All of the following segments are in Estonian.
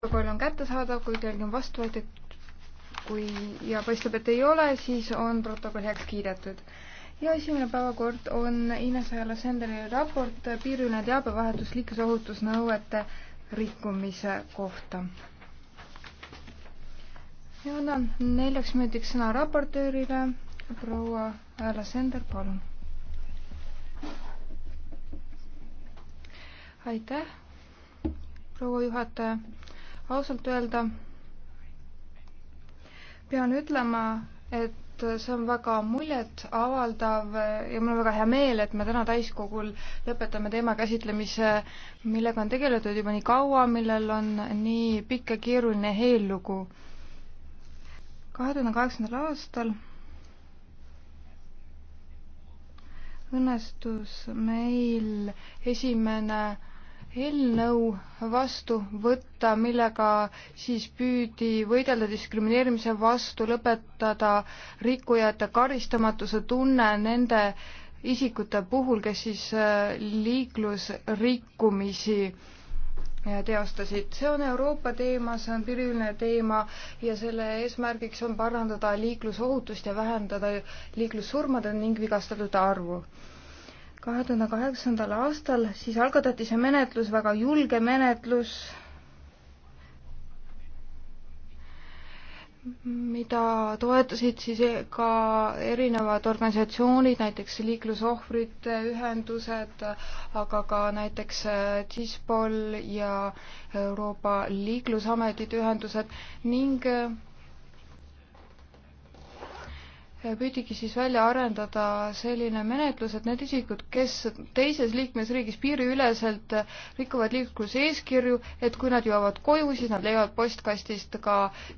protokoll on kättesaadav, kui kellelgi on vastuvõetud, kui ja paistab, et ei ole, siis on protokoll heaks kiidetud. ja esimene päevakord on Ines Ajala-Senderi raport piiriline teabevahetus liiklusohutusnõuete rikkumise kohta. ja annan neljaks minutiks sõna raportöörile, proua Ajala-Sender, palun. aitäh, proua juhataja ausalt öelda pean ütlema, et see on väga muljetavaldav ja mul on väga hea meel, et me täna täiskogul lõpetame teema käsitlemise, millega on tegeletud juba nii kaua, millel on nii pikk ja keeruline eellugu. kahe tuhande kaheksandal aastal õnnestus meil esimene eelnõu vastu võtta, millega siis püüdi võidelda diskrimineerimise vastu, lõpetada rikkujate karistamatuse tunne nende isikute puhul, kes siis äh, liiklusrikkumisi äh, teostasid. see on Euroopa teema, see on piiriline teema ja selle eesmärgiks on parandada liiklusohutust ja vähendada liiklussurmade ning vigastatute arvu kahe tuhande kaheksandal aastal, siis algatati see menetlus, väga julge menetlus, mida toetasid siis ka erinevad organisatsioonid, näiteks liiklusohvrite ühendused, aga ka näiteks Dispol ja Euroopa Liiklusametite ühendused ning püüdigi siis välja arendada selline menetlus, et need isikud, kes teises liikmesriigis piiriüleselt rikuvad liikluseeskirju, et kui nad jõuavad koju, siis nad leiavad postkastist ka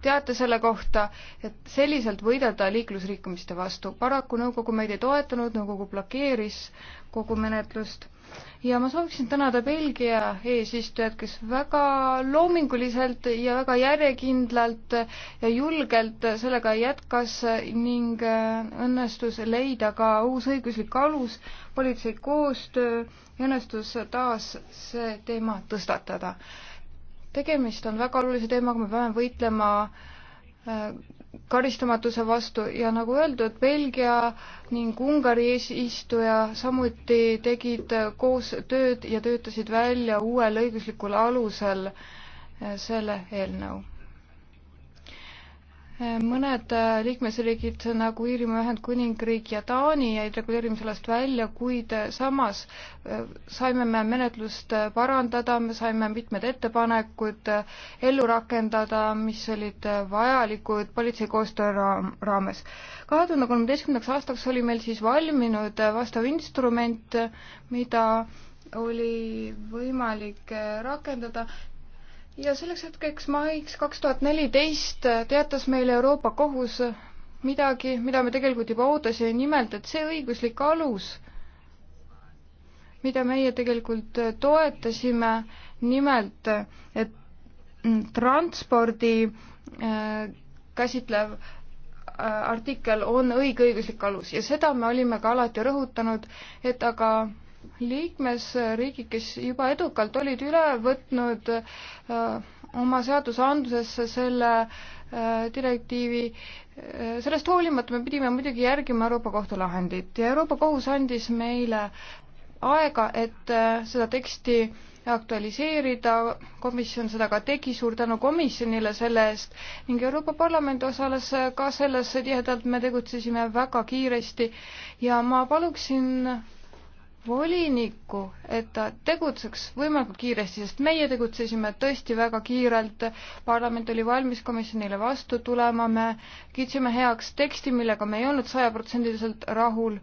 teate selle kohta, et selliselt võidelda liiklusrikkumiste vastu. paraku nõukogu meid ei toetanud, nõukogu blokeeris kogu menetlust ja ma sooviksin tänada Belgia eesistujat, kes väga loominguliselt ja väga järjekindlalt ja julgelt sellega jätkas ning äh, õnnestus leida ka uus õiguslik alus, politsei koostöö ja õnnestus taas see teema tõstatada. tegemist on väga olulise teemaga, me peame võitlema äh, karistamatuse vastu ja nagu öeldud, Belgia ning Ungari eesistuja samuti tegid koos tööd ja töötasid välja uuel õiguslikul alusel selle eelnõu mõned äh, liikmesriigid nagu Iirimaa Ühendkuningriik ja Taani jäid reguleerimisest välja, kuid äh, samas äh, saime me menetlust parandada, me saime mitmed ettepanekud ellu rakendada, mis olid vajalikud politsei koostöö raames. kahe tuhande kolmeteistkümnendaks aastaks oli meil siis valminud vastav instrument, mida oli võimalik rakendada ja selleks hetkeks maiks kaks tuhat neliteist teatas meile Euroopa Kohus midagi, mida me tegelikult juba ootasime, nimelt et see õiguslik alus, mida meie tegelikult toetasime, nimelt et transpordi äh, käsitlev äh, artikkel on õige õiguslik alus ja seda me olime ka alati rõhutanud, et aga liikmesriigid, kes juba edukalt olid üle võtnud äh, oma seadusandlusesse selle äh, direktiivi, äh, sellest hoolimata me pidime muidugi järgima Euroopa Kohtu lahendit ja Euroopa Kohus andis meile aega, et seda teksti aktualiseerida, komisjon seda ka tegi, suur tänu komisjonile selle eest ning Euroopa Parlament osales ka selles tihedalt, me tegutsesime väga kiiresti ja ma paluksin volinikku, et ta tegutseks võimalikult kiiresti, sest meie tegutsesime tõesti väga kiirelt, parlament oli valmis komisjonile vastu tulema, me kiitsime heaks teksti, millega me ei olnud sajaprotsendiliselt rahul.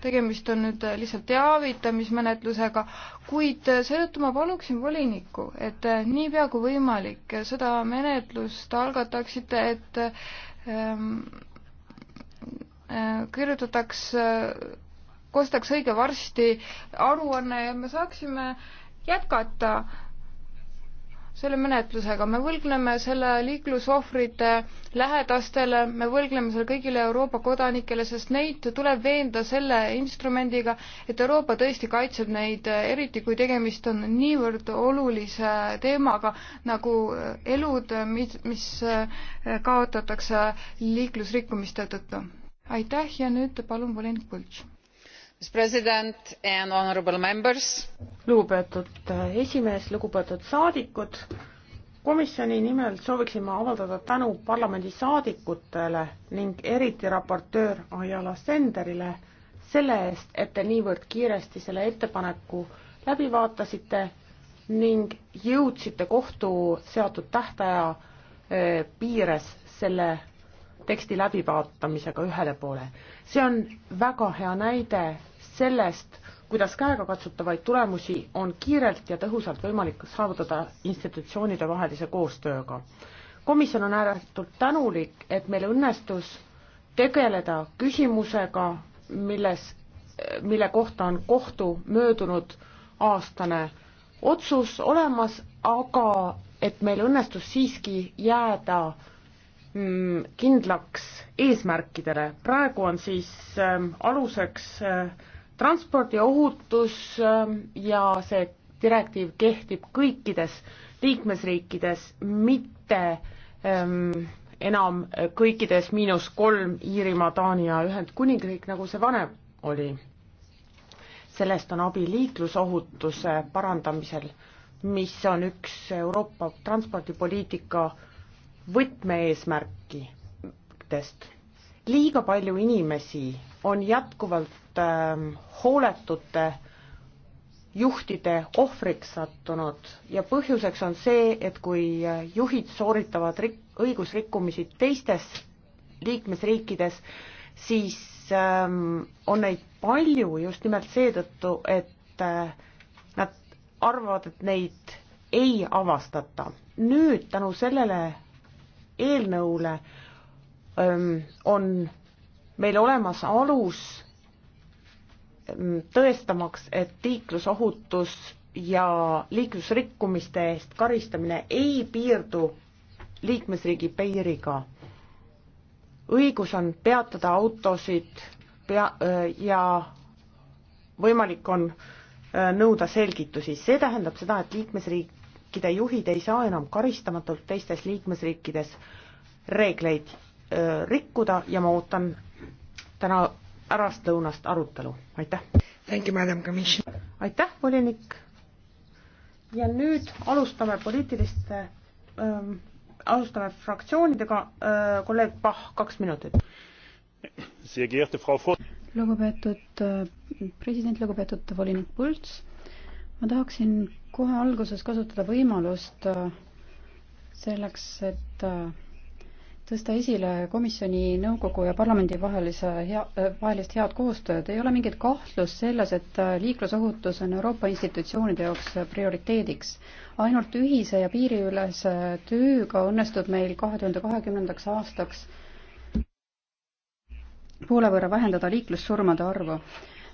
tegemist on nüüd lihtsalt teavitamismenetlusega, kuid seetõttu ma paluksin volinikku, et niipea kui võimalik seda menetlust algataksite, et ähm, äh, kirjutataks koostaks õige varsti aruanne ja me saaksime jätkata selle menetlusega, me võlgneme selle liiklusohvrite lähedastele, me võlgneme selle kõigile Euroopa kodanikele, sest neid tuleb veenda selle instrumendiga, et Euroopa tõesti kaitseb neid, eriti kui tegemist on niivõrd olulise teemaga nagu elud, mis, mis kaotatakse liiklusrikkumiste tõttu. aitäh ja nüüd palun volinik Kultš lugupeetud äh, esimees lugupeetud saadikud komisjoni nimel sooviksin ma avaldada tänu parlamendi saadikutele ning eriti raportöör ayala senderile selle eest et te niivõrd kiiresti selle ettepaneku läbi vaatasite ning jõudsite kohtu seatud tähtaja äh, piires selle teksti läbivaatamisega ühele poole see on väga hea näide sellest, kuidas käegakatsutavaid tulemusi on kiirelt ja tõhusalt võimalik saavutada institutsioonide vahelise koostööga. komisjon on ääretult tänulik, et meil õnnestus tegeleda küsimusega, milles, mille kohta on kohtu möödunud aastane otsus olemas, aga et meil õnnestus siiski jääda mm, kindlaks eesmärkidele. praegu on siis äh, aluseks äh, transpordiohutus ähm, ja see direktiiv kehtib kõikides liikmesriikides, mitte ähm, enam kõikides miinus kolm Iirimaa, Taani ja Ühendkuningriik, nagu see vanem oli. sellest on abi liiklusohutuse parandamisel, mis on üks Euroopa transpordipoliitika võtmeeesmärkidest liiga palju inimesi on jätkuvalt äh, hooletute juhtide ohvriks sattunud ja põhjuseks on see, et kui äh, juhid sooritavad rik-, õigusrikkumisi teistes liikmesriikides, siis ähm, on neid palju just nimelt seetõttu, et äh, nad arvavad, et neid ei avastata. nüüd tänu sellele eelnõule äh, on meil olemas alus tõestamaks, et liiklusohutus ja liiklusrikkumiste eest karistamine ei piirdu liikmesriigi piiriga. õigus on peatada autosid pea- ja võimalik on nõuda selgitusi, see tähendab seda, et liikmesriikide juhid ei saa enam karistamatult teistes liikmesriikides reegleid Äh, rikkuda ja ma ootan täna ärastlõunast arutelu, aitäh! aitäh, volinik! ja nüüd alustame poliitiliste ähm,, alustame fraktsioonidega äh,, kolleeg Pahh, kaks minutit. lugupeetud äh, president, lugupeetud volinik Pults, ma tahaksin kohe alguses kasutada võimalust äh, selleks, et äh, tõsta esile komisjoni, nõukogu ja parlamendi vahelise hea, äh, vahelist head koostööd. ei ole mingit kahtlust selles, et äh, liiklusohutus on Euroopa institutsioonide jaoks äh, prioriteediks. ainult ühise ja piiriülese tööga õnnestub meil kahe tuhande kahekümnendaks aastaks poole võrra vähendada liiklussurmade arvu.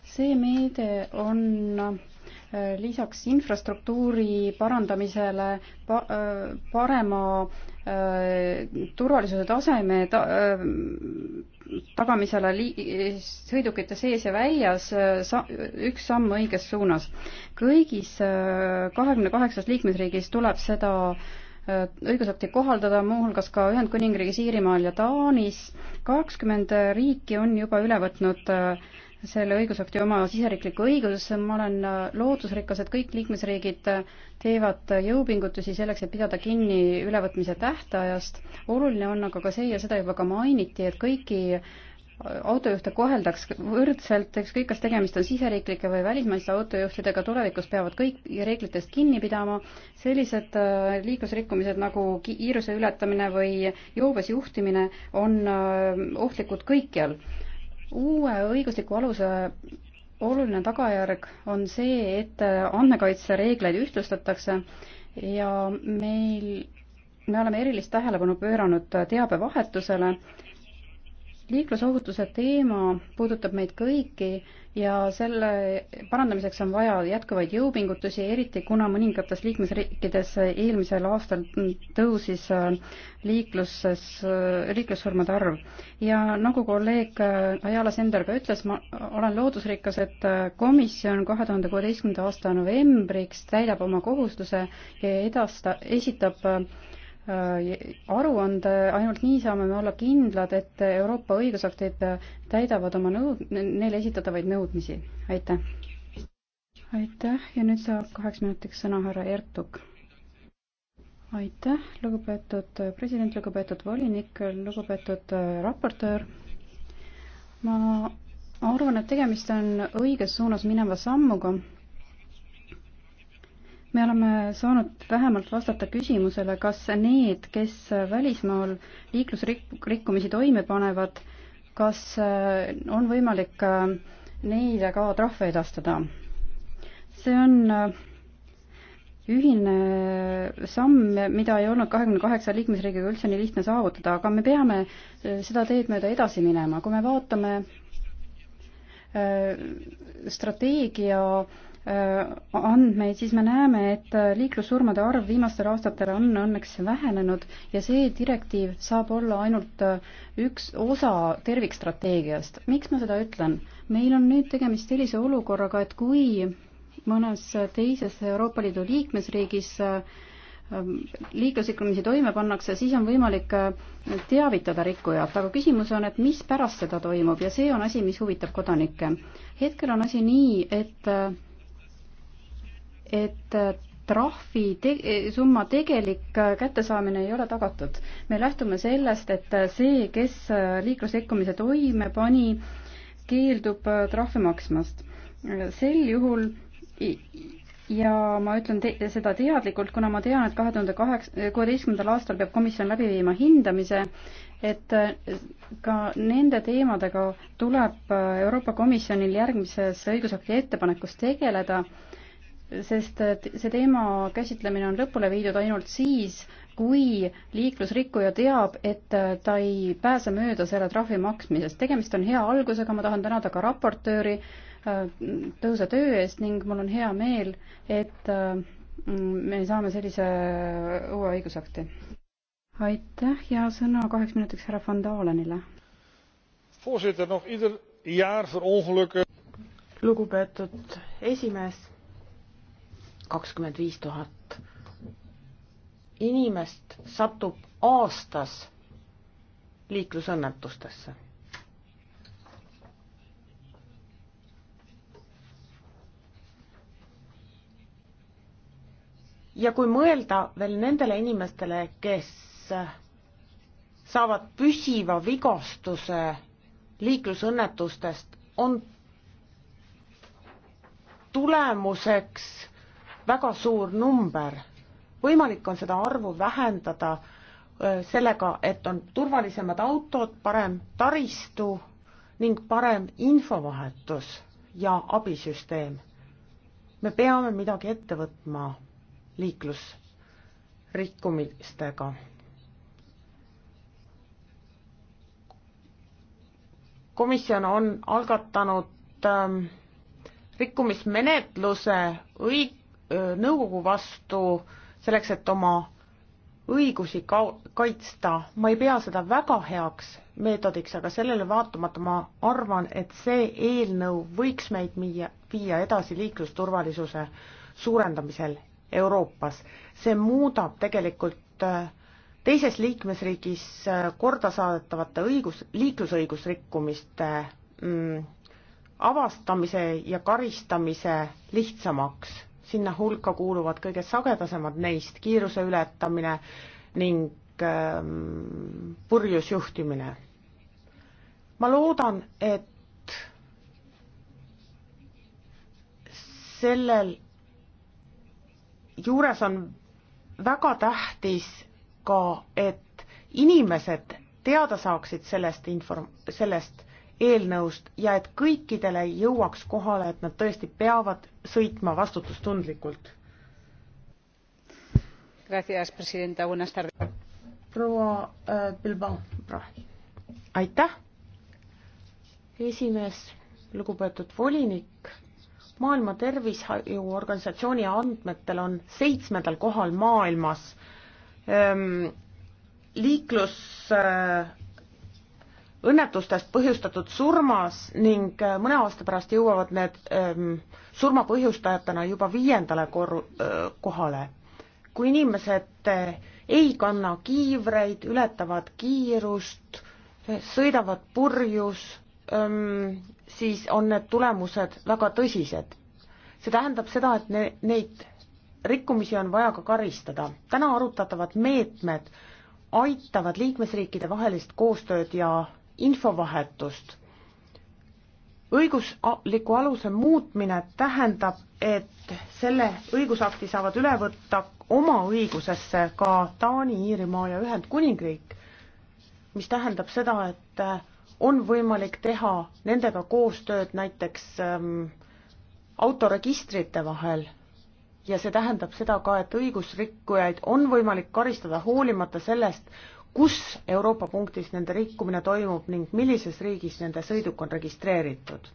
see meede on lisaks infrastruktuuri parandamisele pa, äh, parema äh, turvalisuse taseme ta, äh, tagamisele li-, sõidukite sees ja väljas sa-, üks samm õiges suunas. kõigis kahekümne kaheksas liikmesriigis tuleb seda õigusakti kohaldada, muuhulgas ka Ühendkuningriigis, Iirimaal ja Taanis. kakskümmend riiki on juba üle võtnud äh, selle õigusakti oma siseriiklikku õigusesse, ma olen äh, lootusrikas, et kõik liikmesriigid äh, teevad äh, jõupingutusi selleks, et pidada kinni ülevõtmise tähtajast. oluline on aga ka see ja seda juba ka mainiti, et kõiki autojuhte koheldaks võrdselt, ükskõik kas tegemist on siseriiklike või välismaiste autojuhtidega, tulevikus peavad kõik reeglitest kinni pidama. sellised liiklusrikkumised nagu kiiruse ületamine või joobes juhtimine on ohtlikud kõikjal uue õigusliku aluse oluline tagajärg on see, et andmekaitsereegleid ühtlustatakse ja meil, me oleme erilist tähelepanu pööranud teabevahetusele. liiklusohutuse teema puudutab meid kõiki ja selle parandamiseks on vaja jätkuvaid jõupingutusi, eriti kuna mõningates liikmesriikides eelmisel aastal tõusis äh, liikluses, äh, liiklussurmade arv. ja nagu kolleeg äh, Ajala Sender ka ütles, ma olen loodusrikas, et komisjon kahe tuhande kuueteistkümnenda aasta novembriks täidab oma kohustuse ja edasta, esitab Äh, aruande, ainult nii saame me olla kindlad, et Euroopa õigusaktid äh, täidavad oma nõud-, neile esitatavaid nõudmisi. aitäh! aitäh ja nüüd saab kaheks minutiks sõna härra Ertug. aitäh, lugupeetud äh, president, lugupeetud volinik, lugupeetud raportöör. ma arvan, et tegemist on õiges suunas mineva sammuga me oleme saanud vähemalt vastata küsimusele, kas need, kes välismaal liiklusrikkumisi toime panevad, kas äh, on võimalik äh, neile ka trahve edastada? see on äh, ühine samm, mida ei olnud kahekümne kaheksa liikmesriigiga üldse nii lihtne saavutada, aga me peame seda teed mööda edasi minema, kui me vaatame strateegia äh, Äh, andmeid, siis me näeme, et äh, liiklussurmade arv viimastel aastatel on õnneks vähenenud ja see direktiiv saab olla ainult äh, üks osa tervikstrateegiast. miks ma seda ütlen? meil on nüüd tegemist sellise olukorraga, et kui mõnes teises Euroopa Liidu liikmesriigis ähm, liiklusrikkumisi toime pannakse, siis on võimalik teavitada rikkujat, aga küsimus on, et mis pärast seda toimub ja see on asi, mis huvitab kodanikke. hetkel on asi nii, et et äh, trahvi te äh, summa tegelik äh, kättesaamine ei ole tagatud. me lähtume sellest, et see, kes liiklusrikkumise toime pani, keeldub trahve maksmast. sel juhul ja ma ütlen te seda teadlikult, kuna ma tean, et kahe tuhande kaheksa, kuueteistkümnendal aastal peab komisjon läbi viima hindamise, et ka nende teemadega tuleb Euroopa Komisjonil järgmises õigusakti ettepanekus tegeleda sest see teema käsitlemine on lõpule viidud ainult siis, kui liiklusrikkuja teab, et ta ei pääse mööda selle trahvi maksmisest. tegemist on hea algusega, ma tahan tänada ka raportööri äh, tõhusa töö eest ning mul on hea meel, et äh, me saame sellise äh, uue õigusakti. aitäh ja sõna kaheks minutiks härra Van Dalenile. lugupeetud esimees kakskümmend viis tuhat inimest satub aastas liiklusõnnetustesse. ja kui mõelda veel nendele inimestele, kes saavad püsiva vigastuse liiklusõnnetustest, on tulemuseks väga suur number. võimalik on seda arvu vähendada sellega, et on turvalisemad autod, parem taristu ning parem infovahetus ja abisüsteem. me peame midagi ette võtma liiklusrikkumistega. komisjon on algatanud ähm, rikkumismenetluse õig-, nõukogu vastu selleks, et oma õigusi ka-, kaitsta, ma ei pea seda väga heaks meetodiks, aga sellele vaatamata ma arvan, et see eelnõu võiks meid viia, viia edasi liiklusturvalisuse suurendamisel Euroopas. see muudab tegelikult teises liikmesriigis korda saadetavate õigus, liiklusõigusrikkumiste mm, avastamise ja karistamise lihtsamaks sinna hulka kuuluvad kõige sagedasemad neist kiiruse ületamine ning ähm, purjus juhtimine. ma loodan, et sellel juures on väga tähtis ka, et inimesed teada saaksid sellest inform-, sellest eelnõust ja et kõikidele jõuaks kohale, et nad tõesti peavad sõitma vastutustundlikult. proua äh, Bilbao, aitäh. esimees, lugupeetud volinik, maailma Terviseorganisatsiooni andmetel on seitsmendal kohal maailmas ähm, liiklus äh, õnnetustest põhjustatud surmas ning äh, mõne aasta pärast jõuavad need ähm, surma põhjustajatena juba viiendale kor-, äh, kohale. kui inimesed äh, ei kanna kiivreid, ületavad kiirust, sõidavad purjus ähm,, siis on need tulemused väga tõsised. see tähendab seda, et ne-, neid rikkumisi on vaja ka karistada. täna arutatavad meetmed aitavad liikmesriikide vahelist koostööd ja infovahetust. õigusliku aluse muutmine tähendab, et selle õigusakti saavad üle võtta oma õigusesse ka Taani, Iirimaa ja Ühendkuningriik, mis tähendab seda, et äh, on võimalik teha nendega koostööd näiteks ähm, autoregistrite vahel ja see tähendab seda ka, et õigusrikkujaid on võimalik karistada hoolimata sellest, kus Euroopa punktis nende rikkumine toimub ning millises riigis nende sõiduk on registreeritud.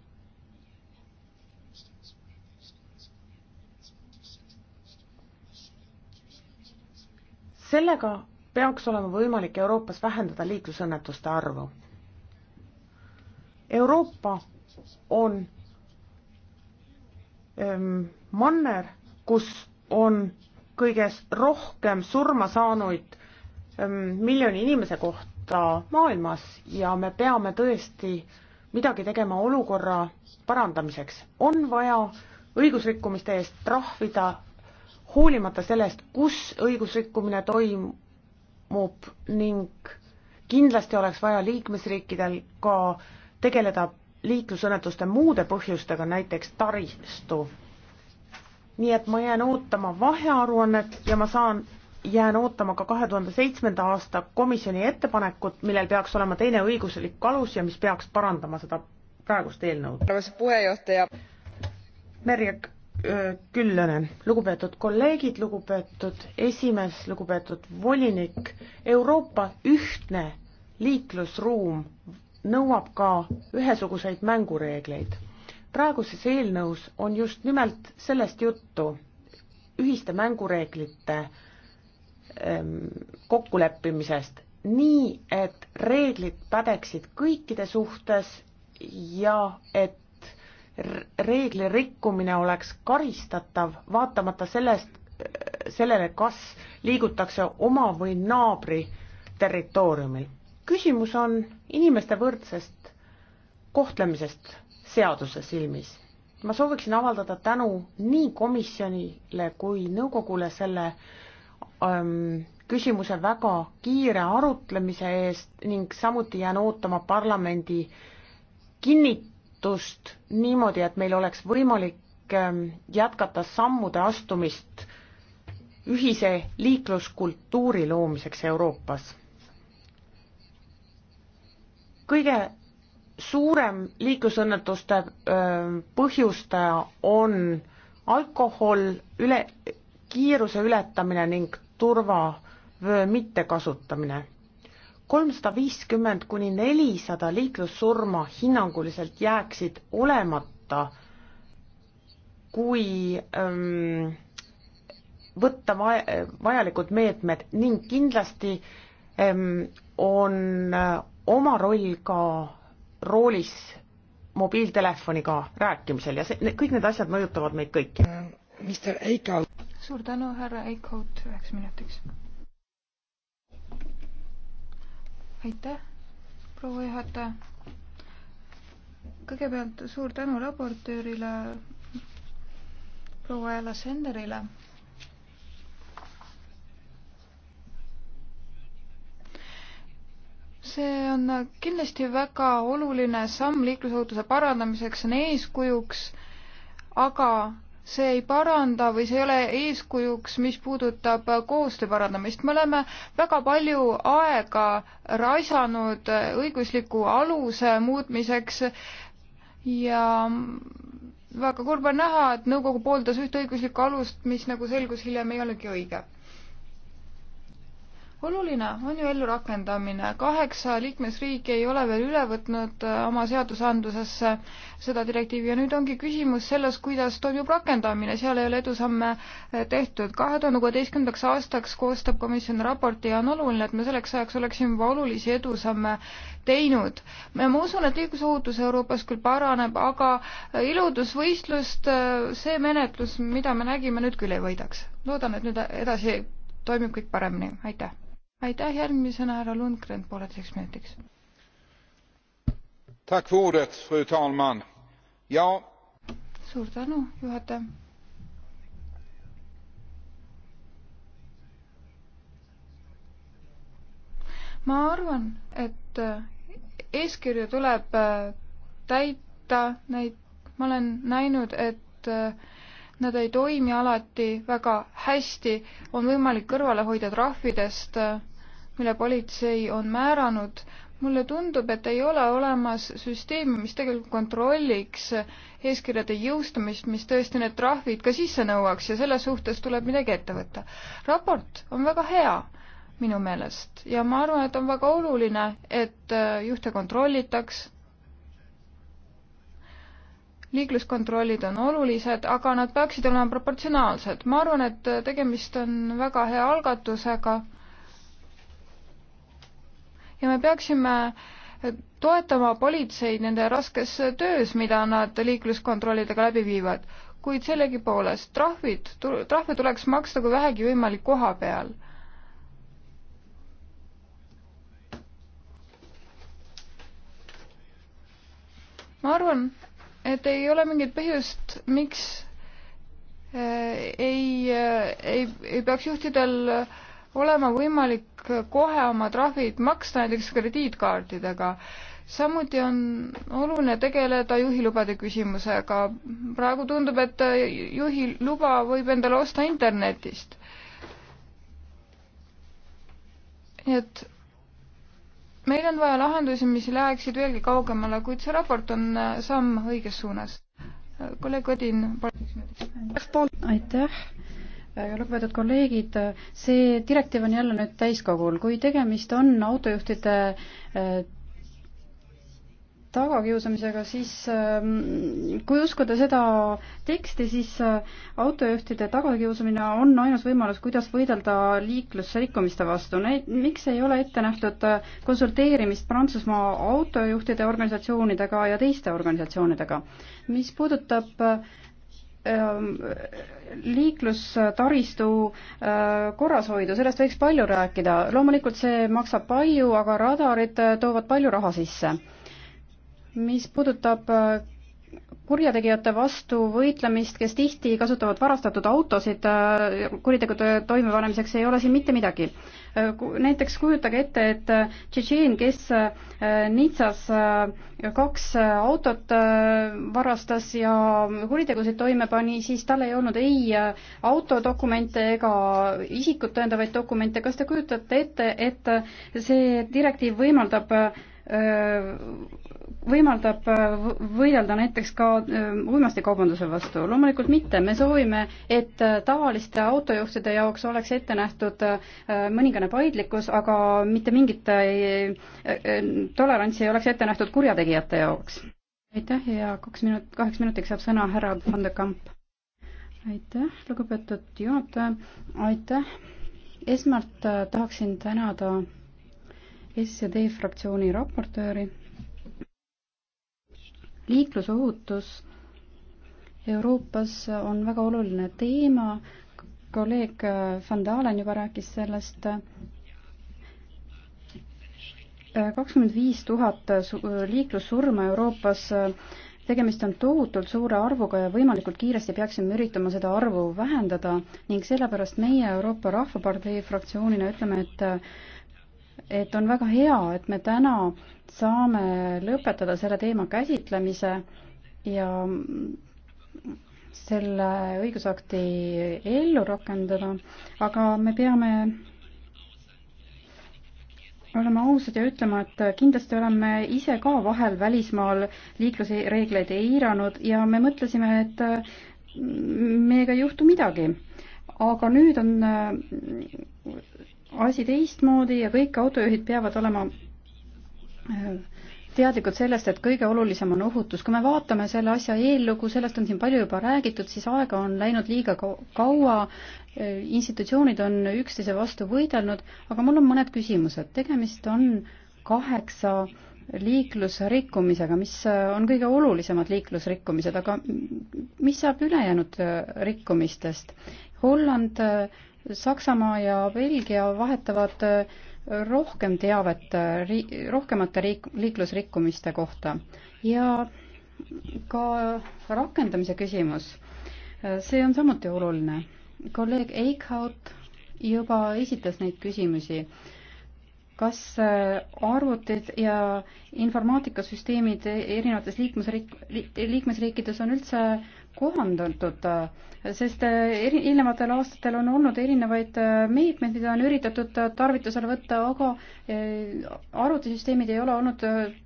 sellega peaks olema võimalik Euroopas vähendada liiklusõnnetuste arvu. Euroopa on ähm, manner, kus on kõiges rohkem surma saanuid Ähm, miljoni inimese kohta maailmas ja me peame tõesti midagi tegema olukorra parandamiseks. on vaja õigusrikkumiste eest trahvida, hoolimata sellest, kus õigusrikkumine toimub ning kindlasti oleks vaja liikmesriikidel ka tegeleda liiklusõnnetuste muude põhjustega, näiteks taristu. nii et ma jään ootama vahearuannet ja ma saan jään ootama ka kahe tuhande seitsmenda aasta komisjoni ettepanekut, millel peaks olema teine õiguslik alus ja mis peaks parandama seda praegust eelnõu. arvamuse puhejuhataja. Merje äh, Küllönen, lugupeetud kolleegid, lugupeetud esimees, lugupeetud volinik, Euroopa ühtne liiklusruum nõuab ka ühesuguseid mängureegleid. praeguses eelnõus on just nimelt sellest juttu, ühiste mängureeglite äh, Ähm, kokkuleppimisest, nii et reeglid pädeksid kõikide suhtes ja et reegli rikkumine oleks karistatav, vaatamata sellest, sellele, kas liigutakse oma või naabri territooriumil. küsimus on inimeste võrdsest kohtlemisest seaduse silmis. ma sooviksin avaldada tänu nii komisjonile kui nõukogule selle äh, ähm, küsimuse väga kiire arutlemise eest ning samuti jään ootama parlamendi kinnitust niimoodi, et meil oleks võimalik ähm, jätkata sammude astumist ühise liikluskultuuri loomiseks Euroopas. kõige suurem liiklusõnnetuste ähm, põhjustaja on alkohol, üle, kiiruse ületamine ning turvavöö mittekasutamine. kolmsada viiskümmend kuni nelisada liiklussurma hinnanguliselt jääksid olemata, kui ähm, võtta vaja, vajalikud meetmed ning kindlasti ähm, on äh, oma roll ka roolis mobiiltelefoniga rääkimisel ja see, kõik need asjad mõjutavad meid kõiki suur tänu, härra Eichhout, üheks minutiks. aitäh, proua juhataja. kõigepealt suur tänu raportöörile, proua Ella Senderile see on kindlasti väga oluline samm liiklusohutuse parandamiseks, on eeskujuks, aga see ei paranda või see ei ole eeskujuks, mis puudutab koostöö parandamist. me oleme väga palju aega raisanud õigusliku aluse muutmiseks ja väga kurb on näha, et nõukogu pooldas ühte õiguslikku alust, mis nagu selgus hiljem ei olnudki õige oluline on ju ellurakendamine. kaheksa liikmesriiki ei ole veel üle võtnud äh, oma seadusandlusesse seda direktiivi ja nüüd ongi küsimus selles, kuidas toimub rakendamine, seal ei ole edusamme äh, tehtud. kahe tuhande kuueteistkümnendaks aastaks koostab komisjon raporti ja on oluline, et me selleks ajaks oleksime juba olulisi edusamme teinud. ma usun, et liiklusohutus Euroopas küll paraneb, aga äh, iludusvõistlust see menetlus, mida me nägime, nüüd küll ei võidaks. loodan, et nüüd edasi toimib kõik paremini, aitäh! aitäh, järgmisena härra Lundgren pooleteiseks minutiks. suur tänu, juhataja. ma arvan, et äh, eeskirju tuleb äh, täita, neid, ma olen näinud, et äh, nad ei toimi alati väga hästi, on võimalik kõrvale hoida trahvidest mille politsei on määranud. mulle tundub, et ei ole olemas süsteemi, mis tegelikult kontrolliks eeskirjade jõustumist, mis tõesti need trahvid ka sisse nõuaks ja selles suhtes tuleb midagi ette võtta. raport on väga hea minu meelest ja ma arvan, et on väga oluline, et äh, juhte kontrollitaks. liikluskontrollid on olulised, aga nad peaksid olema proportsionaalsed. ma arvan, et äh, tegemist on väga hea algatusega ja me peaksime toetama politseid nende raskes töös, mida nad liikluskontrollidega läbi viivad, kuid sellegipoolest trahvid, trahve tuleks maksta kui vähegi võimalik koha peal. ma arvan, et ei ole mingit põhjust, miks äh, ei, äh, ei, ei peaks juhtidel äh, olema võimalik kohe oma trahvid maksta näiteks krediitkaartidega. samuti on oluline tegeleda juhilubade küsimusega. praegu tundub, et juhiluba võib endale osta internetist. nii et meil on vaja lahendusi, mis läheksid veelgi kaugemale, kuid see raport on samm õiges suunas. kolleeg Odin, palun. aitäh lugupeetud kolleegid, see direktiiv on jälle nüüd täiskogul, kui tegemist on autojuhtide äh, tagakiusamisega, siis ähm, kui uskuda seda teksti, siis äh, autojuhtide tagakiusamine on ainus võimalus, kuidas võidelda liiklusrikkumiste vastu. Neid, miks ei ole ette nähtud äh, konsulteerimist Prantsusmaa autojuhtide organisatsioonidega ja teiste organisatsioonidega? mis puudutab äh, Ehm, liiklustaristu äh, korrashoidu, sellest võiks palju rääkida. loomulikult see maksab palju, aga radarid äh, toovad palju raha sisse. mis puudutab äh, kurjategijate vastu võitlemist, kes tihti kasutavad varastatud autosid äh, kuritegude toimepanemiseks, ei ole siin mitte midagi. Äh, näiteks kujutage ette, et äh, Tšetšeen, kes Nitsas kaks autot varastas ja kuritegusid toime pani, siis tal ei olnud ei autodokumente ega isikut tõendavaid dokumente. kas te kujutate ette, et see direktiiv võimaldab võimaldab võidelda näiteks ka uimastikaubanduse vastu. loomulikult mitte, me soovime, et tavaliste autojuhtide jaoks oleks ette nähtud mõningane paindlikkus, aga mitte mingit tolerantsi ei oleks ette nähtud kurjategijate jaoks. aitäh ja kaks minut, kaheks minutiks saab sõna härra Van de Kamp. aitäh, lugupeetud juhataja, aitäh. esmalt tahaksin tänada SED fraktsiooni raportööri. liiklusohutus Euroopas on väga oluline teema, kolleeg Van Dalen juba rääkis sellest, kakskümmend viis tuhat liiklussurma Euroopas, tegemist on tohutult suure arvuga ja võimalikult kiiresti peaksime üritama seda arvu vähendada ning sellepärast meie Euroopa Rahvapartei fraktsioonina ütleme, et et on väga hea, et me täna saame lõpetada selle teema käsitlemise ja selle õigusakti ellu rakendada, aga me peame oleme ausad ja ütlema, et kindlasti oleme ise ka vahel välismaal liiklusreegleid eiranud ja me mõtlesime, et meiega ei juhtu midagi. aga nüüd on asi teistmoodi ja kõik autojuhid peavad olema äh, teadlikud sellest, et kõige olulisem on ohutus. kui me vaatame selle asja eellugu, sellest on siin palju juba räägitud, siis aega on läinud liiga kaua, äh, institutsioonid on üksteise vastu võidelnud, aga mul on mõned küsimused. tegemist on kaheksa liiklusrikkumisega, mis äh, on kõige olulisemad liiklusrikkumised, aga mis saab ülejäänud rikkumistest? Holland Saksamaa ja Belgia vahetavad äh, rohkem teavet äh, ri-, rohkemate riik-, liiklusrikkumiste kohta ja ka rakendamise küsimus, äh, see on samuti oluline. kolleeg Eichhout juba esitas neid küsimusi. kas arvutid ja informaatikasüsteemid erinevates liikmesriik-, liikmesriikides on üldse äh, kohandatud, äh, sest äh, eri, eelnevatel aastatel on olnud erinevaid äh, meetmeid, mida on üritatud tarvitusele võtta, aga arvutisüsteemid ei ole olnud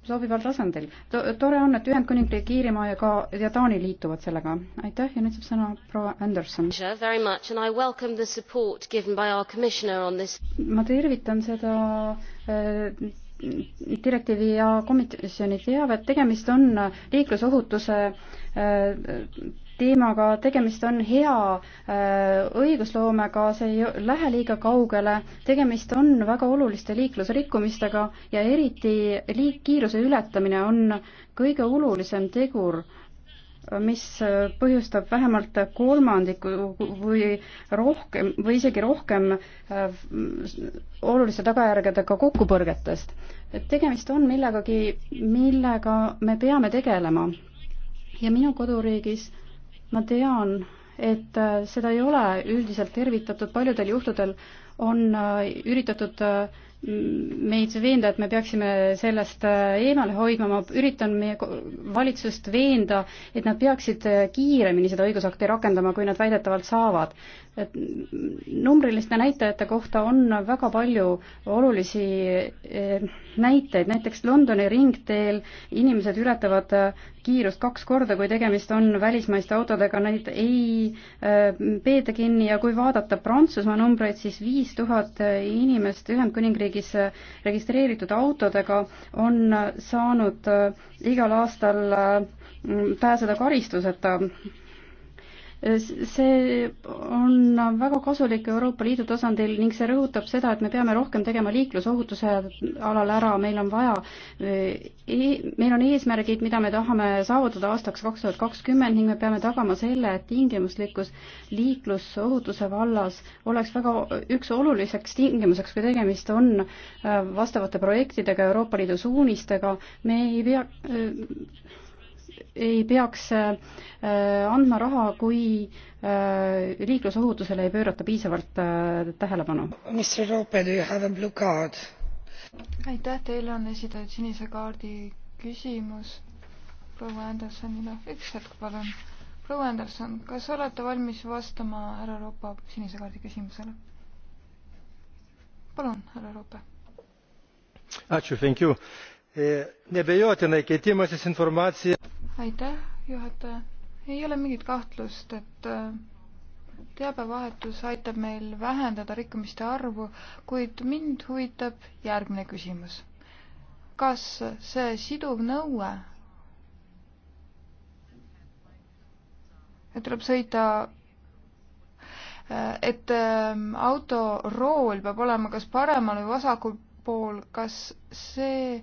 sobival tasandil to. tore on, et Ühendkuningriik, Iirimaa ja ka ja Taani liituvad sellega. aitäh ja nüüd saab sõna proua Anderson. ma tervitan seda direktiivi ja komisjoni teavet, tegemist on liiklusohutuse äh, teemaga, tegemist on hea äh, õigusloomega, see ei lähe liiga kaugele, tegemist on väga oluliste liiklusrikkumistega ja eriti liik-, kiiruse ületamine on kõige olulisem tegur mis põhjustab vähemalt kolmandiku või rohkem või isegi rohkem äh, oluliste tagajärgedega kokkupõrgetest. et tegemist on millegagi, millega me peame tegelema. ja minu koduriigis ma tean, et äh, seda ei ole üldiselt tervitatud, paljudel juhtudel on äh, üritatud äh, meid veenda, et me peaksime sellest äh, eemale hoidma, ma üritan meie valitsust veenda, et nad peaksid äh, kiiremini seda õigusakti rakendama, kui nad väidetavalt saavad. et numbriliste näitajate kohta on väga palju olulisi äh, näiteid, näiteks Londoni ringteel inimesed ületavad kiirust kaks korda, kui tegemist on välismaiste autodega, neid ei peeta kinni ja kui vaadata Prantsusmaa numbreid, siis viis tuhat inimest Ühendkuningriigis liikmesriigis äh, registreeritud autodega on äh, saanud äh, igal aastal pääseda karistuseta see on väga kasulik Euroopa Liidu tasandil ning see rõhutab seda, et me peame rohkem tegema liiklusohutuse alal ära, meil on vaja e, meil on eesmärgid, mida me tahame saavutada aastaks kaks tuhat kakskümmend ning me peame tagama selle, et tingimuslikkus liiklusohutuse vallas oleks väga üks oluliseks tingimuseks, kui tegemist on äh, vastavate projektidega, Euroopa Liidu suunistega, me ei pea äh, ei peaks äh, andma raha, kui äh, liiklusohutusele ei pöörata piisavalt äh, tähelepanu. aitäh, teile on esitatud sinise kaardi küsimus proua Andersonile. Noh, üks hetk, palun. proua Anderson, kas olete valmis vastama härra Ropa sinise kaardi küsimusele? palun, härra Rope. ačiū, thank you. E, neabejotinai keitimasis informacija aitäh, juhataja. ei ole mingit kahtlust, et äh, teabevahetus aitab meil vähendada rikkumiste arvu, kuid mind huvitab järgmine küsimus. kas see siduv nõue, et tuleb sõita äh, et ähm, auto rool peab olema kas paremal või vasakul pool, kas see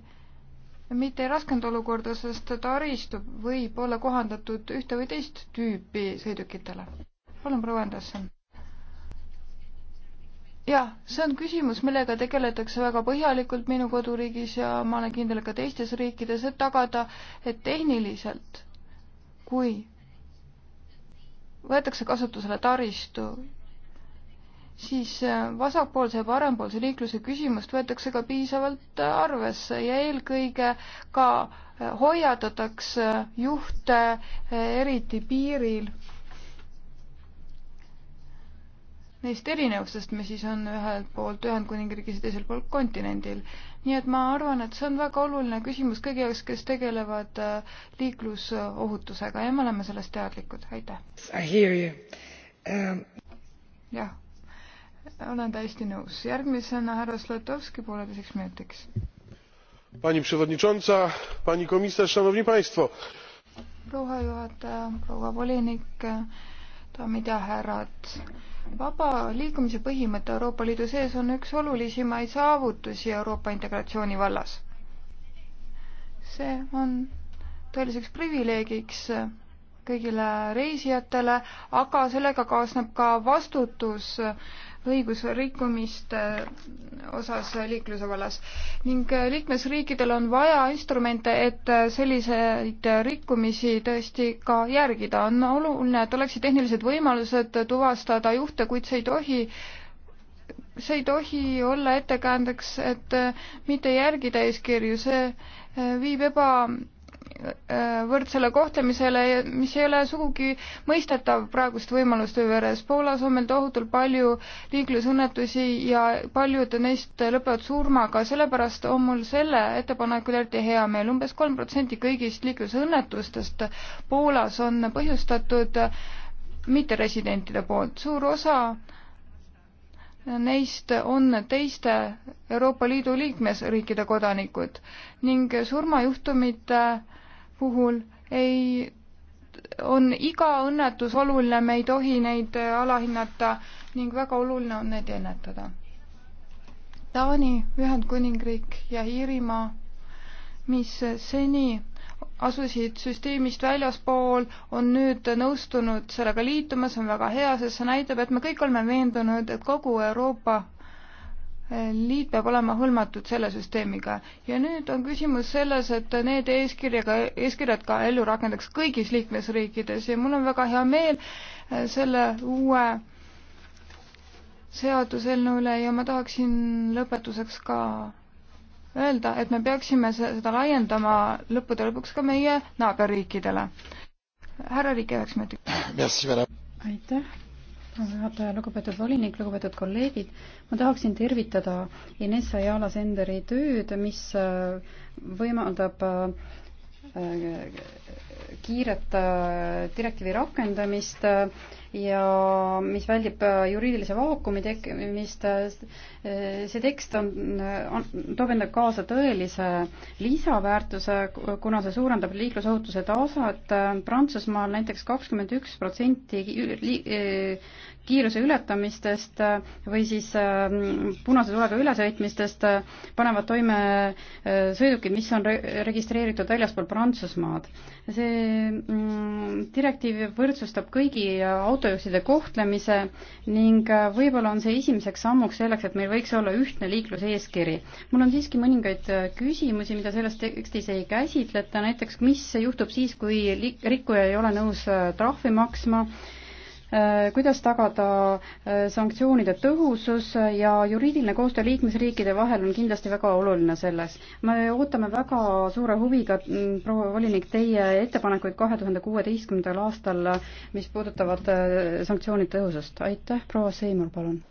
mitte ei raskenda olukorda, sest taristu võib olla kohandatud ühte või teist tüüpi sõidukitele. palun, proua Anderson. jah, see on küsimus, millega tegeletakse väga põhjalikult minu koduriigis ja ma olen kindel ka teistes riikides, et tagada, et tehniliselt, kui võetakse kasutusele taristu siis äh, vasakpoolse ja parempoolse liikluse küsimust võetakse ka piisavalt äh, arvesse ja eelkõige ka äh, hoiatatakse juhte, eriti piiril, neist erinevustest, mis siis on ühelt poolt Ühendkuningriigis ja teiselt poolt kontinendil. nii et ma arvan, et see on väga oluline küsimus kõigi jaoks, kes tegelevad liiklusohutusega ja me oleme sellest teadlikud, aitäh. Um, jah olen täiesti nõus. järgmisena härra Slotovski pooleteiseks minutiks. Pani przewodnicząca, pani komisar, szanowni państwo. proua juhataja, proua volinik, daamid ja härrad. vaba liikumise põhimõte Euroopa Liidu sees on üks olulisemaid saavutusi Euroopa integratsiooni vallas. see on tõeliseks privileegiks kõigile reisijatele, aga sellega kaasneb ka vastutus äh, õigusrikkumiste äh, osas äh, liikluse vallas ning äh, liikmesriikidel on vaja instrumente, et selliseid rikkumisi tõesti ka järgida. on oluline, et oleksid tehnilised võimalused tuvastada juhte, kuid see ei tohi see ei tohi olla ettekäändeks, et mitte järgida eeskirju, see viib eba Äh, võrdsele kohtlemisele, mis ei ole sugugi mõistetav praegust võimalust ÜRS. Poolas on meil tohutult palju liiklusõnnetusi ja paljud neist lõpevad surmaga, sellepärast on mul selle ettepaneku eriti hea meel umbes. umbes kolm protsenti kõigist liiklusõnnetustest Poolas on põhjustatud mitteresidentide poolt. suur osa neist on teiste Euroopa Liidu liikmesriikide kodanikud ning surmajuhtumite puhul ei, on iga õnnetus oluline, me ei tohi neid äh, alahinnata ning väga oluline on neid ennetada. Taani, Ühendkuningriik ja Iirimaa, mis seni asusid süsteemist väljaspool, on nüüd nõustunud sellega liituma, see on väga hea, sest see näitab, et me kõik oleme veendunud, et kogu Euroopa liit peab olema hõlmatud selle süsteemiga. ja nüüd on küsimus selles, et need eeskirjaga, eeskirjad ka ellu rakendaks kõigis liikmesriikides ja mul on väga hea meel äh, selle uue seaduseelnõu üle ja ma tahaksin lõpetuseks ka öelda, et me peaksime seda laiendama lõppude lõpuks ka meie naaberriikidele. härra Riik, üheks minutiks. aitäh proua juhataja, lugupeetud volinik, lugupeetud kolleegid, ma tahaksin tervitada Ines Ajala Senderi tööd, mis äh, võimaldab äh, kiiret äh, direktiivi rakendamist äh, ja mis väldib äh, juriidilise vaakumi tekkimist. see tekst on, on, toob endaga kaasa tõelise lisaväärtuse, kuna see suurendab liiklusohutuse taset. Prantsusmaal näiteks kakskümmend üks protsenti kiiruse ületamistest või siis punase tulega ülesõitmistest panevad toime sõidukid, mis on registreeritud väljaspool Prantsusmaad. see see mm, direktiiv võrdsustab kõigi autojuhtide kohtlemise ning äh, võib-olla on see esimeseks sammuks selleks, et meil võiks olla ühtne liikluseeskiri. mul on siiski mõningaid äh, küsimusi, mida selles tekstis ei käsitleta, näiteks mis juhtub siis, kui rikkuja ei ole nõus äh, trahvi maksma Äh, kuidas tagada äh, sanktsioonide tõhusus ja juriidiline koostöö liikmesriikide vahel on kindlasti väga oluline selles. me ootame väga suure huviga, mm, proua volinik, teie ettepanekuid kahe tuhande kuueteistkümnendal aastal, mis puudutavad äh, sanktsioonide tõhusust. aitäh, proua Seimur, palun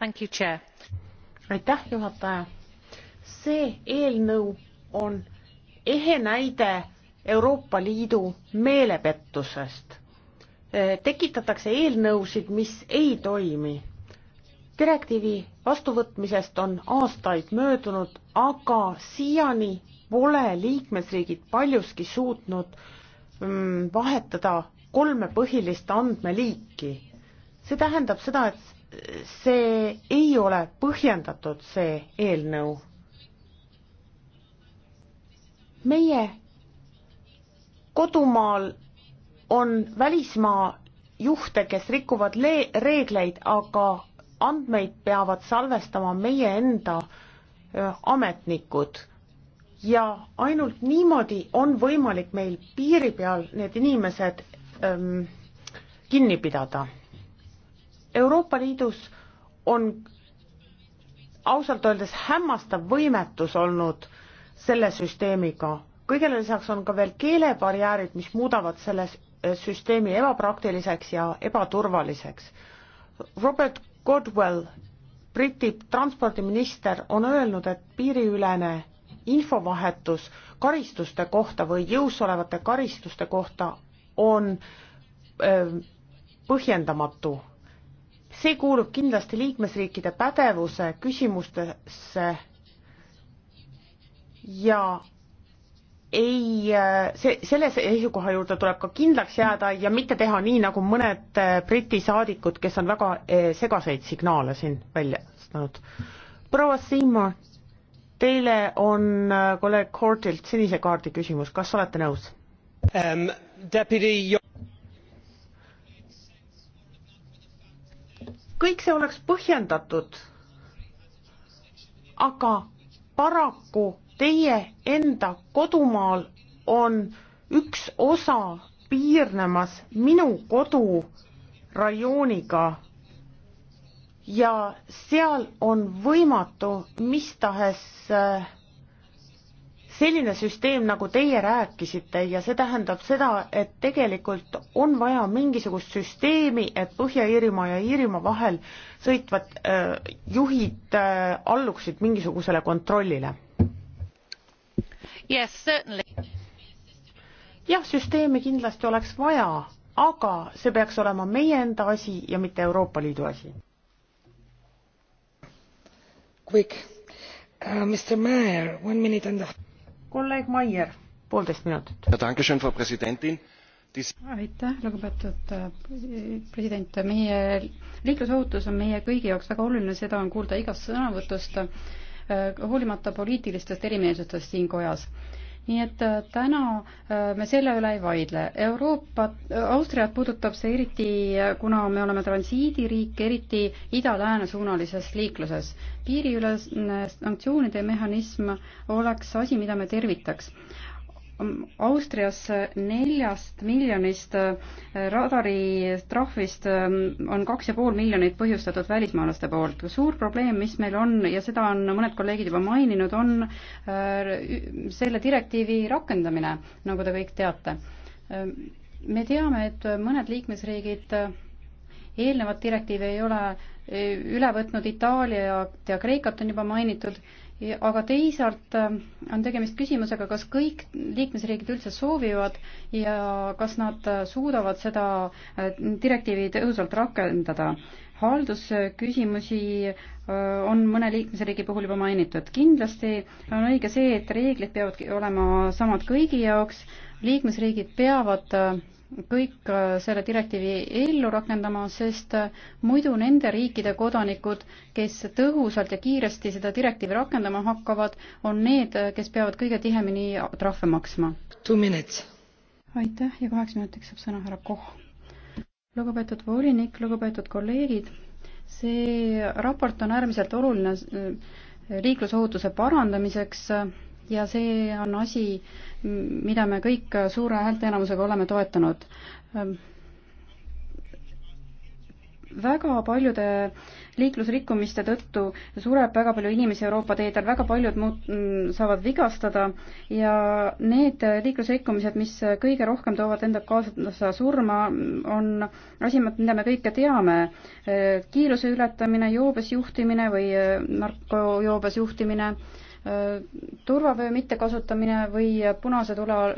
You, aitäh juhataja! see eelnõu on ehe näide Euroopa Liidu meelepettusest. Eh, tekitatakse eelnõusid, mis ei toimi. direktiivi vastuvõtmisest on aastaid möödunud, aga siiani pole liikmesriigid paljuski suutnud mm, vahetada kolme põhilist andmeliiki. see tähendab seda, et see ei ole põhjendatud, see eelnõu meie kodumaal on välismaa juhte, kes rikuvad le-, reegleid, aga andmeid peavad salvestama meie enda öö, ametnikud ja ainult niimoodi on võimalik meil piiri peal need inimesed öm, kinni pidada. Euroopa Liidus on ausalt öeldes hämmastav võimetus olnud öö, selle süsteemiga. kõigele lisaks on ka veel keelebarjäärid, mis muudavad selle äh, süsteemi ebapraktiliseks ja ebaturvaliseks. Robert Godwell, Briti transpordiminister, on öelnud, et piiriülene infovahetus karistuste kohta või jõus olevate karistuste kohta on öö, äh, põhjendamatu. see kuulub kindlasti liikmesriikide pädevuse küsimustesse ja ei, see, selle seisukoha juurde tuleb ka kindlaks jääda ja mitte teha nii, nagu mõned äh, Briti saadikud, kes on väga äh, segaseid signaale siin väljastanud. proua Siimma, teile on äh, kolleeg Cordilt sinise kaardi küsimus, kas olete nõus um,? Deputy... kõik see oleks põhjendatud, aga paraku teie enda kodumaal on üks osa piirnemas minu kodurajooniga ja seal on võimatu mis tahes äh, selline süsteem, nagu teie rääkisite ja see tähendab seda, et tegelikult on vaja mingisugust süsteemi, et Põhja-Iirimaa ja Iirimaa vahel sõitvad äh, juhid äh, alluksid mingisugusele kontrollile Yes, certainly. jah, süsteemi kindlasti oleks vaja, aga see peaks olema meie enda asi ja mitte Euroopa Liidu asi. Quick uh,, Mr Maier, one minute and a kolleeg Maier, poolteist minutit. aitäh, lugupeetud äh, president, meie liiklusohutus on meie kõigi jaoks väga oluline, seda on kuulda igast sõnavõtust Äh, hoolimata poliitilistest erimeelsustest siin kojas nii et äh, täna äh, me selle üle ei vaidle. Euroopat, Austriat puudutab see eriti, kuna me oleme transiidiriik, eriti ida-lääne suunalises liikluses. piiriülene sanktsioonide mehhanism oleks asi, mida me tervitaks. Austrias neljast miljonist äh, radaritrahvist ähm, on kaks ja pool miljonit põhjustatud välismaalaste poolt. suur probleem, mis meil on ja seda on mõned kolleegid juba maininud, on äh, selle direktiivi rakendamine, nagu te kõik teate. Ähm, me teame, et mõned liikmesriigid äh, eelnevat direktiivi ei ole üle võtnud Itaaliat ja Kreekat on juba mainitud aga teisalt äh, on tegemist küsimusega, kas kõik liikmesriigid üldse soovivad ja kas nad äh, suudavad seda äh, direktiivi tõhusalt rakendada. haldusküsimusi on mõne liikmesriigi puhul juba mainitud. kindlasti on õige see, et reeglid peavad olema samad kõigi jaoks, liikmesriigid peavad kõik äh, selle direktiivi ellu rakendama, sest äh, muidu nende riikide kodanikud, kes tõhusalt ja kiiresti seda direktiivi rakendama hakkavad, on need, äh, kes peavad kõige tihemini trahve maksma. aitäh ja kaheks minutiks saab sõna härra Koh. lugupeetud volinik, lugupeetud kolleegid, see raport on äärmiselt oluline liiklusohutuse parandamiseks ja see on asi, mida me kõik suure häälteenamusega oleme toetanud. väga paljude liiklusrikkumiste tõttu sureb väga palju inimesi Euroopa teedel, väga paljud muut-, saavad vigastada ja need liiklusrikkumised, mis kõige rohkem toovad enda kaasa surma, on asimad, mida me kõike teame. kiiruse ületamine, joobes juhtimine või narkojoobes juhtimine Äh, turvavöö mittekasutamine või punase tule all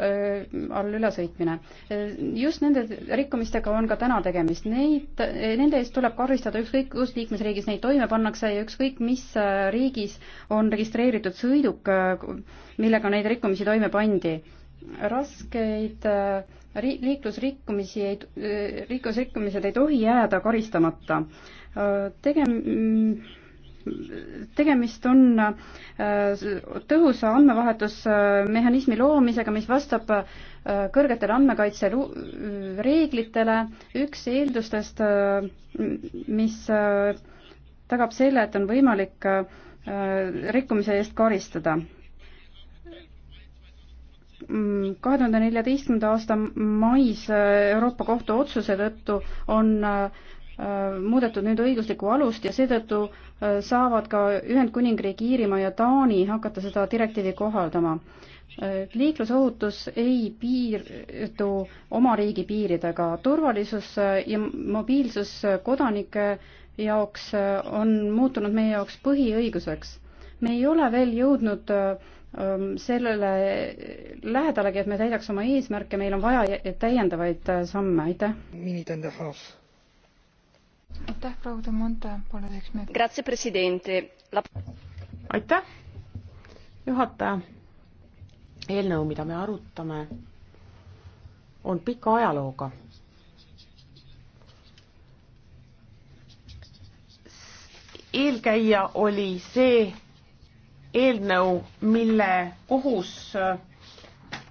äh, ülesõitmine. Äh, just nende rikkumistega on ka täna tegemist. Neid, nende eest tuleb karistada ükskõik, kus liikmesriigis neid toime pannakse ja ükskõik, mis riigis on registreeritud sõiduk, millega neid rikkumisi toime pandi. raskeid liiklusrikkumisi ei, liiklusrikkumised ei tohi jääda karistamata. tegem- tegemist on äh, tõhusa andmevahetusmehhanismi loomisega, mis vastab äh, kõrgetele andmekaitse reeglitele. üks eeldustest, äh, mis tagab selle, et on võimalik rikkumise eest karistada. kahe tuhande neljateistkümnenda aasta mais Euroopa Kohtu otsuse tõttu on Äh, muudetud nüüd õiguslikku alust ja seetõttu äh, saavad ka Ühendkuningriik, Iirimaa ja Taani hakata seda direktiivi kohaldama. Äh, liiklusohutus ei piirdu oma riigi piiridega, turvalisus ja mobiilsus kodanike jaoks on muutunud meie jaoks põhiõiguseks. me ei ole veel jõudnud ähm, sellele lähedalegi, et me täidaks oma eesmärke, meil on vaja täiendavaid samme, aitäh aitäh, proua de Monte, pooleteiseks minutiks. aitäh, juhataja. eelnõu, mida me arutame, on pika ajalooga eelkäija oli see eelnõu, mille kohus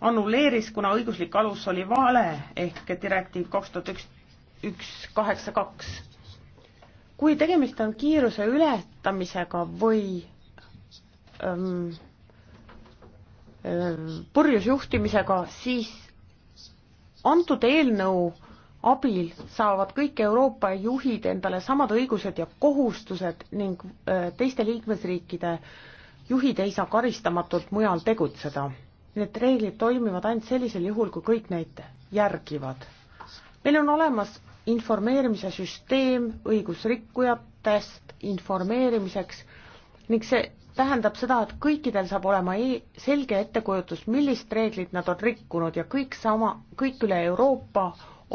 annuleeris, kuna õiguslik alus oli vale ehk direktiiv kaks tuhat üks, üks kaheksa kaks kui tegemist on kiiruse ületamisega või ähm, äh, purjus juhtimisega, siis antud eelnõu abil saavad kõik Euroopa juhid endale samad õigused ja kohustused ning äh, teiste liikmesriikide juhid ei saa karistamatult mujal tegutseda. Need reeglid toimivad ainult sellisel juhul, kui kõik neid järgivad. meil on olemas informeerimise süsteem õigusrikkujatest informeerimiseks ning see tähendab seda, et kõikidel saab olema e selge ettekujutus, millist reeglit nad on rikkunud ja kõik sama, kõik üle Euroopa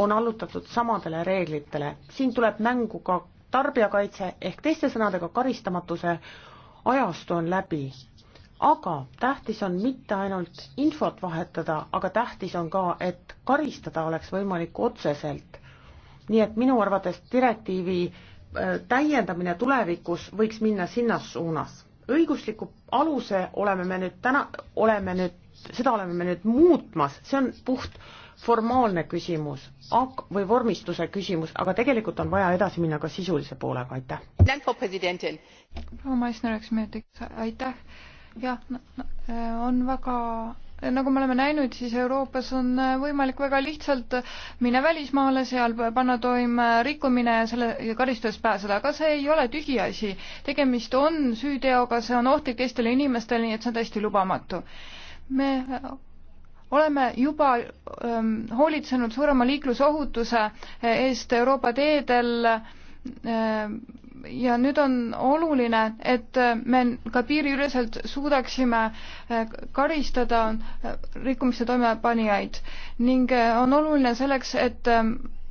on allutatud samadele reeglitele. siin tuleb mängu ka tarbijakaitse ehk teiste sõnadega karistamatuse ajastu on läbi. aga tähtis on mitte ainult infot vahetada, aga tähtis on ka, et karistada oleks võimalik otseselt nii et minu arvates direktiivi äh, täiendamine tulevikus võiks minna sinnas suunas. õigusliku aluse oleme me nüüd täna, oleme nüüd, seda oleme me nüüd muutmas, see on puht formaalne küsimus ak- või vormistuse küsimus, aga tegelikult on vaja edasi minna ka sisulise poolega, aitäh. proua Maisner, eks me teeks, aitäh. jah no,, no, äh, on väga nagu me oleme näinud, siis Euroopas on võimalik väga lihtsalt minna välismaale, seal panna toime rikkumine ja selle karistusest pääseda, aga see ei ole tühiasi. tegemist on süüteoga, see on ohtlik teistele inimestele, nii et see on täiesti lubamatu. me oleme juba ähm, hoolitsenud suurema liiklusohutuse eest Euroopa teedel ähm, ja nüüd on oluline, et me ka piiriüleselt suudaksime eh, karistada eh, rikkumiste toimepanijaid ning eh, on oluline selleks, et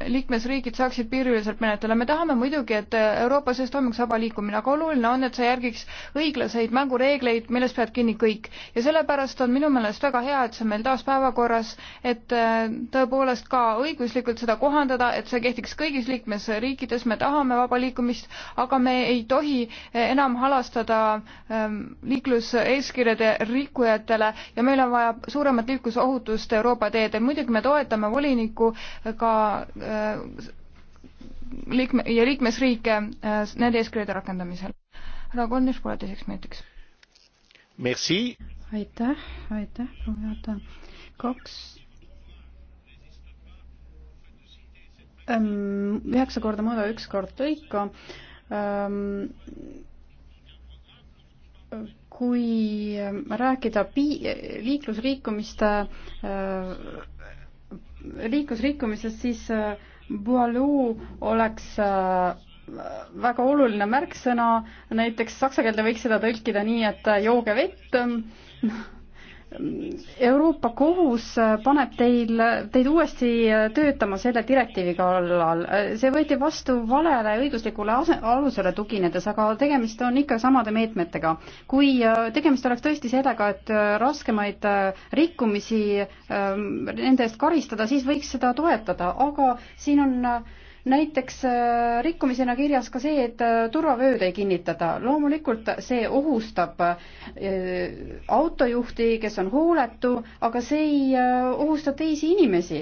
liikmesriigid saaksid piiriliselt menetleda. me tahame muidugi, et Euroopa sees toimuks vaba liikumine, aga oluline on, et see järgiks õiglaseid mängureegleid, millest peavad kinni kõik. ja sellepärast on minu meelest väga hea, et see on meil taas päevakorras, et äh, tõepoolest ka õiguslikult seda kohandada, et see kehtiks kõigis liikmesriikides, me tahame vaba liikumist, aga me ei tohi äh, enam halastada ähm, liikluseeskirjade rikkujatele ja meil on vaja suuremat liiklusohutust Euroopa teedel. muidugi me toetame volinikku äh, ka Äh, liikme ja liikmesriike äh, nende eeskirjade rakendamisel. härra Konnis, pooleteiseks minutiks. aitäh, aitäh, proua juhataja. kaks ähm, üheksa korda mõõda, üks kord lõika. Ähm, kui rääkida pi-, liiklusriikumiste äh, liiklusrikkumisest, siis äh, Boileau oleks äh, väga oluline märksõna, näiteks saksa keelde võiks seda tõlkida nii, et äh, jooge vett Euroopa Kohus paneb teil, teid uuesti töötama selle direktiivi kallal. see võeti vastu valele õiguslikule ase-, alusele tuginedes, aga tegemist on ikka samade meetmetega. kui äh, tegemist oleks tõesti sellega, et äh, raskemaid äh, rikkumisi ähm, nende eest karistada, siis võiks seda toetada, aga siin on äh, näiteks äh, rikkumisena kirjas ka see, et äh, turvavööd ei kinnitata. loomulikult see ohustab äh, autojuhti, kes on hooletu, aga see ei ohusta teisi inimesi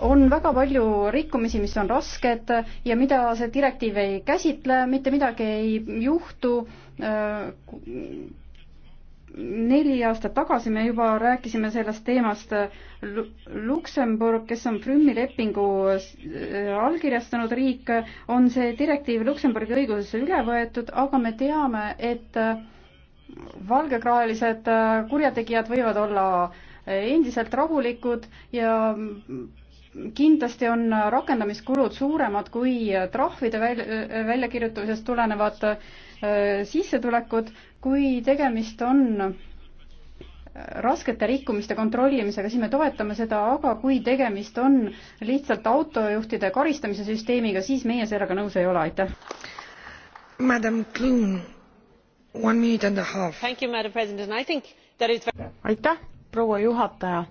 on väga palju rikkumisi, mis on rasked ja mida see direktiiv ei käsitle, mitte midagi ei juhtu neli aastat tagasi me juba rääkisime sellest teemast Luksemburg, kes on Prümmi lepingu äh, allkirjastanud riik, on see direktiiv Luksemburgi õigusesse üle võetud, aga me teame, et äh, valgekraelised äh, kurjategijad võivad olla endiselt rahulikud ja mm, kindlasti on rakendamiskulud suuremad kui trahvide välja, väljakirjutamisest tulenevad Äh, sissetulekud, kui tegemist on äh, raskete rikkumiste kontrollimisega, siis me toetame seda, aga kui tegemist on lihtsalt autojuhtide karistamise süsteemiga, siis meie sellega nõus ei ole, aitäh. aitäh, proua juhataja.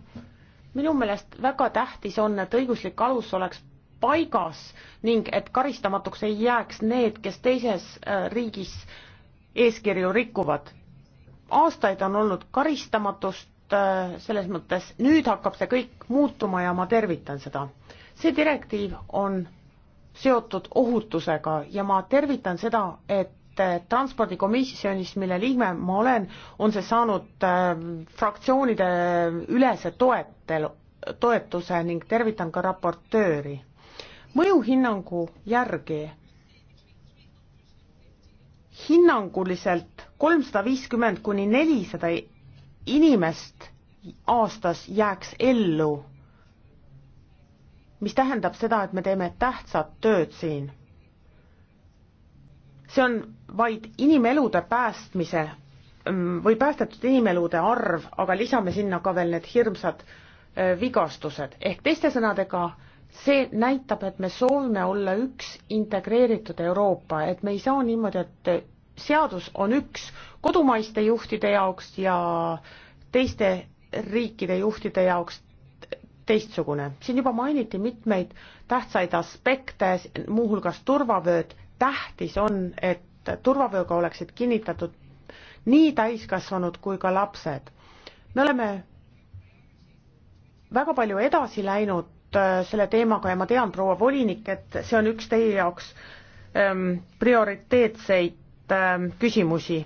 minu meelest väga tähtis on, et õiguslik alus oleks paigas ning et karistamatuks ei jääks need, kes teises äh, riigis eeskirju rikuvad. aastaid on olnud karistamatust äh, selles mõttes, nüüd hakkab see kõik muutuma ja ma tervitan seda. see direktiiv on seotud ohutusega ja ma tervitan seda, et äh, transpordikomisjonis, mille liige ma olen, on see saanud fraktsioonide ülese toetel, toetuse ning tervitan ka raportööri mõjuhinnangu järgi hinnanguliselt kolmsada viiskümmend kuni nelisada inimest aastas jääks ellu, mis tähendab seda, et me teeme tähtsat tööd siin. see on vaid inimelude päästmise või päästetud inimelude arv, aga lisame sinna ka veel need hirmsad äh, vigastused ehk teiste sõnadega äh, see näitab, et me soovime olla üks integreeritud Euroopa, et me ei saa niimoodi, et seadus on üks kodumaiste juhtide jaoks ja teiste riikide juhtide jaoks teistsugune. siin juba mainiti mitmeid tähtsaid aspekte, muuhulgas turvavööd. tähtis on, et turvavööga oleksid kinnitatud nii täiskasvanud kui ka lapsed. me oleme väga palju edasi läinud Äh, selle teemaga ja ma tean, proua volinik, et see on üks teie jaoks ähm, prioriteetseid ähm, küsimusi.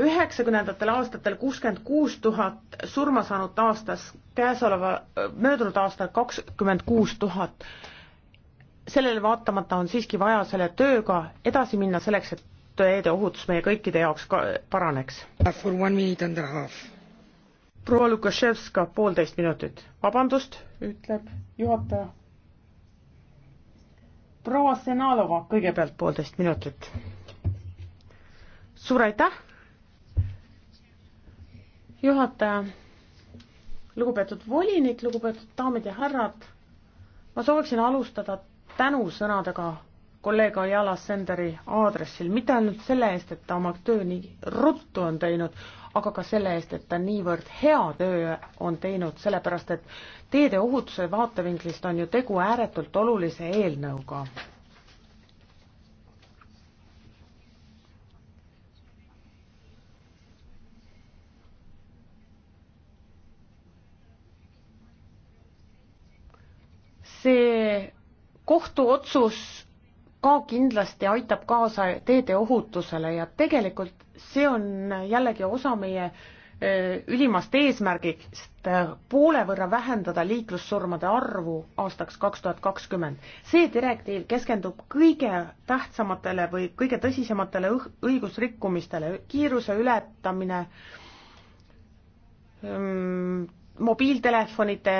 üheksakümnendatel aastatel kuuskümmend kuus tuhat surma saanut aastas, käesoleva, äh, möödunud aastal kakskümmend kuus tuhat. sellele vaatamata on siiski vaja selle tööga edasi minna selleks, et tööde ohutus meie kõikide jaoks ka paraneks. For one minute and a half proua Lukaševska, poolteist minutit. vabandust, ütleb juhataja. proua Senalova, kõigepealt poolteist minutit. suur aitäh, juhataja, lugupeetud volinik, lugupeetud daamid ja härrad, ma sooviksin alustada tänusõnadega kolleeg Ajala Senderi aadressil, mitte ainult selle eest, et ta oma töö nii ruttu on teinud, aga ka selle eest, et ta niivõrd hea töö on teinud, sellepärast et teede ohutuse vaatevinklist on ju tegu ääretult olulise eelnõuga. see kohtuotsus ka kindlasti aitab kaasa teede ohutusele ja tegelikult see on jällegi osa meie ülimast eesmärgist äh, poole võrra vähendada liiklussurmade arvu aastaks kaks tuhat kakskümmend. see direktiiv keskendub kõige tähtsamatele või kõige tõsisematele õigusrikkumistele, kiiruse ületamine, mm, mobiiltelefonide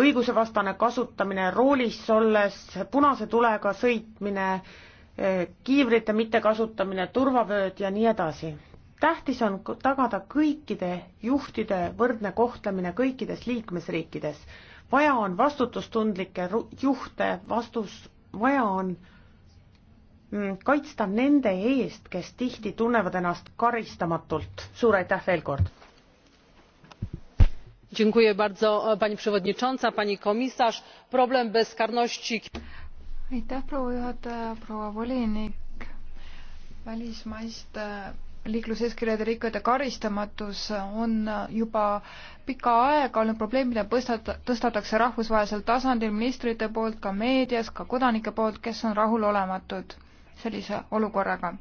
õigusevastane kasutamine, roolis olles, punase tulega sõitmine, kiivrite mittekasutamine, turvavööd ja nii edasi. tähtis on tagada kõikide juhtide võrdne kohtlemine kõikides liikmesriikides. vaja on vastutustundlikke juhte, vastus, vaja on mm, kaitsta nende eest, kes tihti tunnevad ennast karistamatult. suur aitäh veel kord! E, pani przewodnicząca pani komisarz! problem bezkarności. välismaiste liikluseeskirjade rikkujate karistamatus on juba pikka aega olnud probleem, mida tõstatakse rahvusvahelisel tasandil ministrite poolt, ka meedias, ka kodanike poolt, kes on rahulolematud sellise olukorraga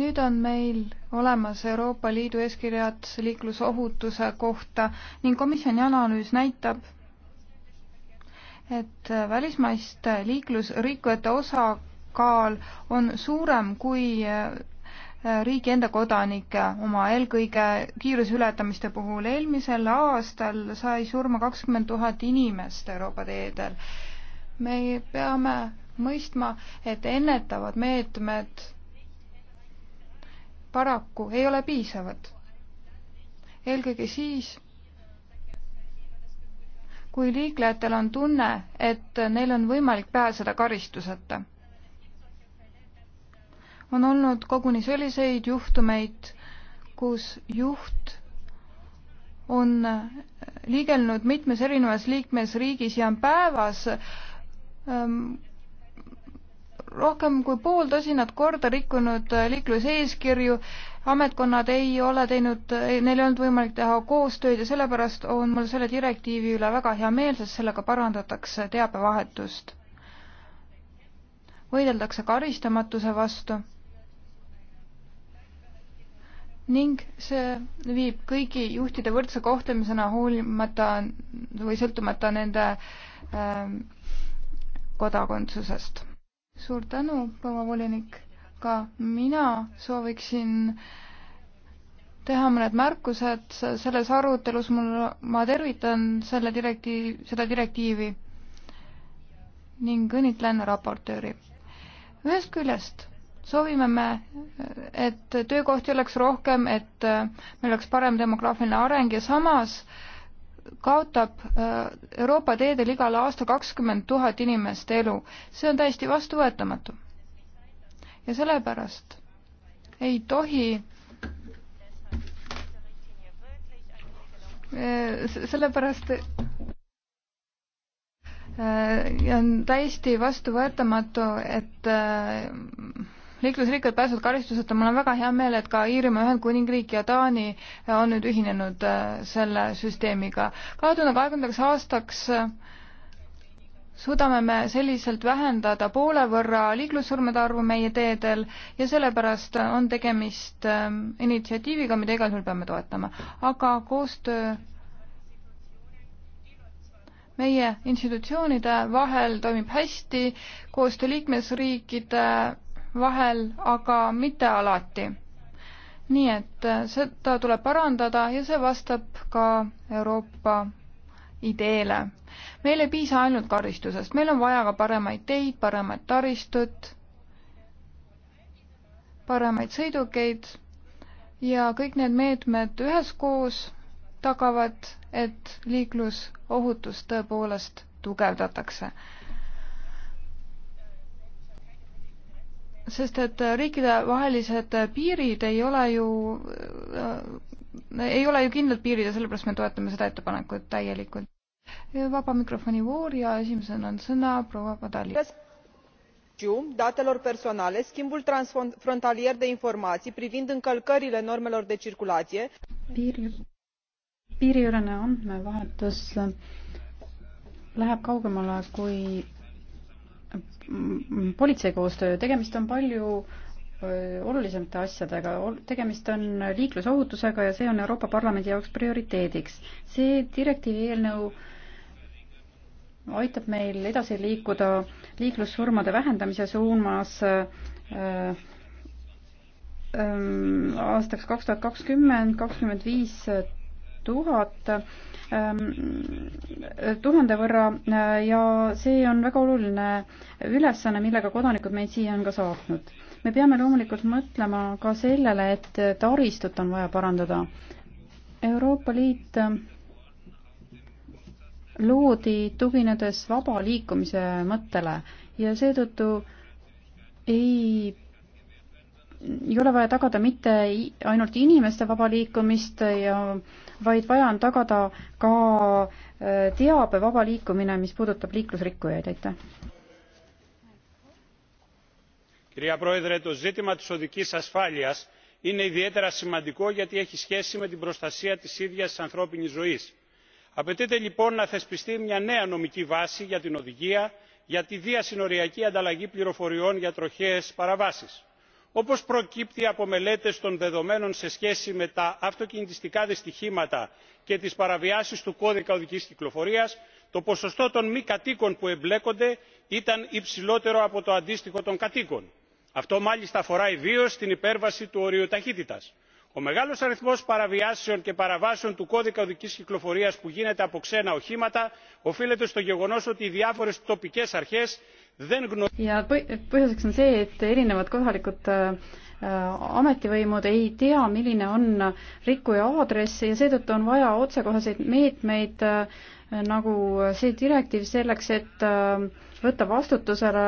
nüüd on meil olemas Euroopa Liidu eeskirjad liiklusohutuse kohta ning komisjoni analüüs näitab, et välismaiste liiklusrikkujate osakaal on suurem kui äh, riigi enda kodanike oma eelkõige kiiruse ületamiste puhul. eelmisel aastal sai surma kakskümmend tuhat inimest Euroopa teedel. me peame mõistma, et ennetavad meetmed paraku ei ole piisavad. eelkõige siis, kui liiklejatel on tunne, et neil on võimalik pääseda karistuseta. on olnud koguni selliseid juhtumeid, kus juht on liigelnud mitmes erinevas liikmesriigis ja on päevas ähm, rohkem kui pooltosinat korda rikkunud äh, liikluseeskirju, ametkonnad ei ole teinud, neil ei olnud võimalik teha koostööd ja sellepärast on mul selle direktiivi üle väga hea meel, sest sellega parandatakse teabevahetust. võideldakse karistamatuse vastu ning see viib kõigi juhtide võrdse kohtlemisena hoolimata või sõltumata nende ähm, kodakondsusest suur tänu, proua volinik. ka mina sooviksin teha mõned märkused selles arutelus, mul, ma tervitan selle direktiivi, seda direktiivi ning õnnitlen raportööri. ühest küljest soovime me, et töökohti oleks rohkem, et meil oleks parem demograafiline areng ja samas äh, kaotab äh, Euroopa teedel igal aastal kakskümmend tuhat inimest elu. see on täiesti vastuvõetamatu. ja sellepärast ei tohi äh, sellepärast äh, ja on täiesti vastuvõetamatu, et liiklusrikkad pääsevad karistuseta, mul on väga hea meel, et ka Iirimaa Ühendkuningriik ja Taani on nüüd ühinenud äh, selle süsteemiga. kahe tuhande kahekümnendaks aastaks äh, suudame me selliselt vähendada poole võrra liiklussurmade arvu meie teedel ja sellepärast on tegemist äh, initsiatiiviga, mida igal juhul peame toetama. aga koostöö meie institutsioonide vahel toimib hästi, koostöö liikmesriikide vahel, aga mitte alati. nii et äh, seda tuleb parandada ja see vastab ka Euroopa ideele. meil ei piisa ainult karistusest, meil on vaja ka paremaid teid, paremat taristut, paremaid sõidukeid ja kõik need meetmed üheskoos tagavad, et liiklusohutust tõepoolest tugevdatakse sest et riikidevahelised piirid ei ole ju äh, ei ole ju kindlad piirid ja sellepärast me toetame seda ettepanekut täielikult. vaba mikrofoni voor ja esimesena on sõna proua Padali. datelor personale, schimbul transfrontalier de informații privind încălcările normelor de circulație. Piiri, piiriülene andmevahetus läheb kaugemale kui politsei koostöö, tegemist on palju olulisemate asjadega, tegemist on liiklusohutusega ja see on Euroopa Parlamendi jaoks prioriteediks. see direktiivi eelnõu aitab meil edasi liikuda liiklussurmade vähendamise suunas äh, aastaks kaks tuhat kakskümmend, kakskümmend viis tuhat ähm, tuhande võrra äh, ja see on väga oluline ülesanne, millega kodanikud meid siia on ka saatnud. me peame loomulikult mõtlema ka sellele, et taristut on vaja parandada. Euroopa Liit äh, loodi tuginedes vaba liikumise mõttele ja seetõttu ei ei ole vaja tagada mitte ainult inimeste vaba liikumist ja äh, vaid vaja on tagada ka äh, teabe vaba liikumine, mis puudutab liiklusrikkujaid, aitäh. Κυρία Πρόεδρε, το ζήτημα της οδικής ασφάλειας είναι ιδιαίτερα σημαντικό γιατί έχει σχέση με την προστασία της ίδιας της ανθρώπινης ζωής. Απαιτείται λοιπόν να θεσπιστεί μια νέα νομική βάση για την οδηγία για τη διασυνοριακή ανταλλαγή πληροφοριών για τροχαίες παραβάσεις όπως προκύπτει από μελέτες των δεδομένων σε σχέση με τα αυτοκινητιστικά δυστυχήματα και τις παραβιάσεις του κώδικα οδικής κυκλοφορίας το ποσοστό των μη κατοίκων που εμπλέκονται ήταν υψηλότερο από το αντίστοιχο των κατοίκων. αυτό μάλιστα αφορά ιδίως την υπέρβαση του ορίου ταχύτητας. ο μεγάλος αριθμός παραβιάσεων και παραβάσεων του κώδικα οδικής κυκλοφορίας που γίνεται από ξένα οχήματα οφείλεται στο γεγονός ότι οι διάφορες τοπικές αρχές ja põhjuseks on see, et erinevad kohalikud äh, ametivõimud ei tea, milline on rikkuja aadress ja seetõttu on vaja otsekoheseid meetmeid äh, nagu see direktiiv selleks, et äh, võtta vastutusele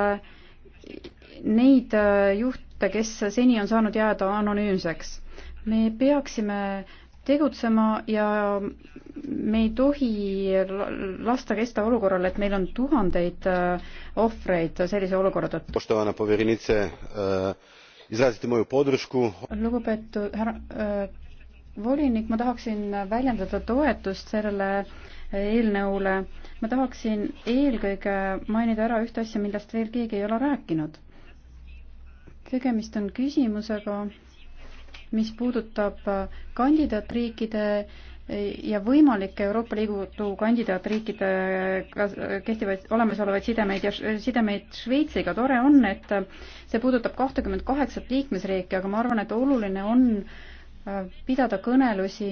neid juhte, kes seni on saanud jääda anonüümseks. me peaksime tegutsema ja me ei tohi lasta kesta olukorral, et meil on tuhandeid äh, ohvreid sellise olukorra tõttu. Äh, lugupeetud härra äh, volinik, ma tahaksin väljendada toetust sellele eelnõule. ma tahaksin eelkõige mainida ära ühte asja, millest veel keegi ei ole rääkinud. tegemist on küsimusega, mis puudutab äh, kandidaatriikide äh, ja võimalike Euroopa Liidu kandidaatriikidega äh, kehtivaid olemasolevaid sidemeid ja sidemeid Šveitsiga. tore on, et see puudutab kahtekümmet kaheksat liikmesriiki, aga ma arvan, et oluline on pidada kõnelusi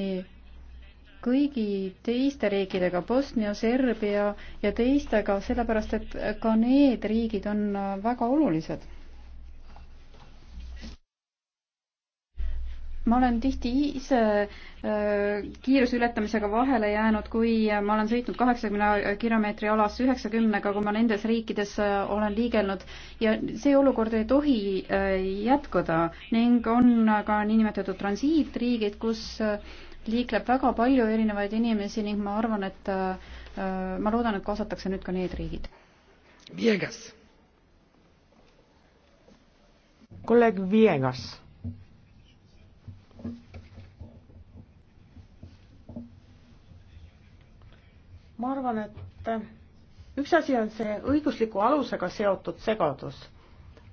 kõigi teiste riikidega, Bosnia, Serbia ja teistega, sellepärast et ka need riigid on väga olulised ma olen tihti ise äh, kiiruse ületamisega vahele jäänud, kui ma olen sõitnud kaheksakümne kilomeetri alas üheksakümnega, kui ma nendes riikides äh, olen liigelnud ja see olukord ei tohi äh, jätkuda ning on ka niinimetatud transiitriigid, kus liikleb väga palju erinevaid inimesi ning ma arvan, et ma loodan, et kaasatakse nüüd ka need riigid. Viegas. kolleeg Viegas ma arvan, et äh, üks asi on see õigusliku alusega seotud segadus.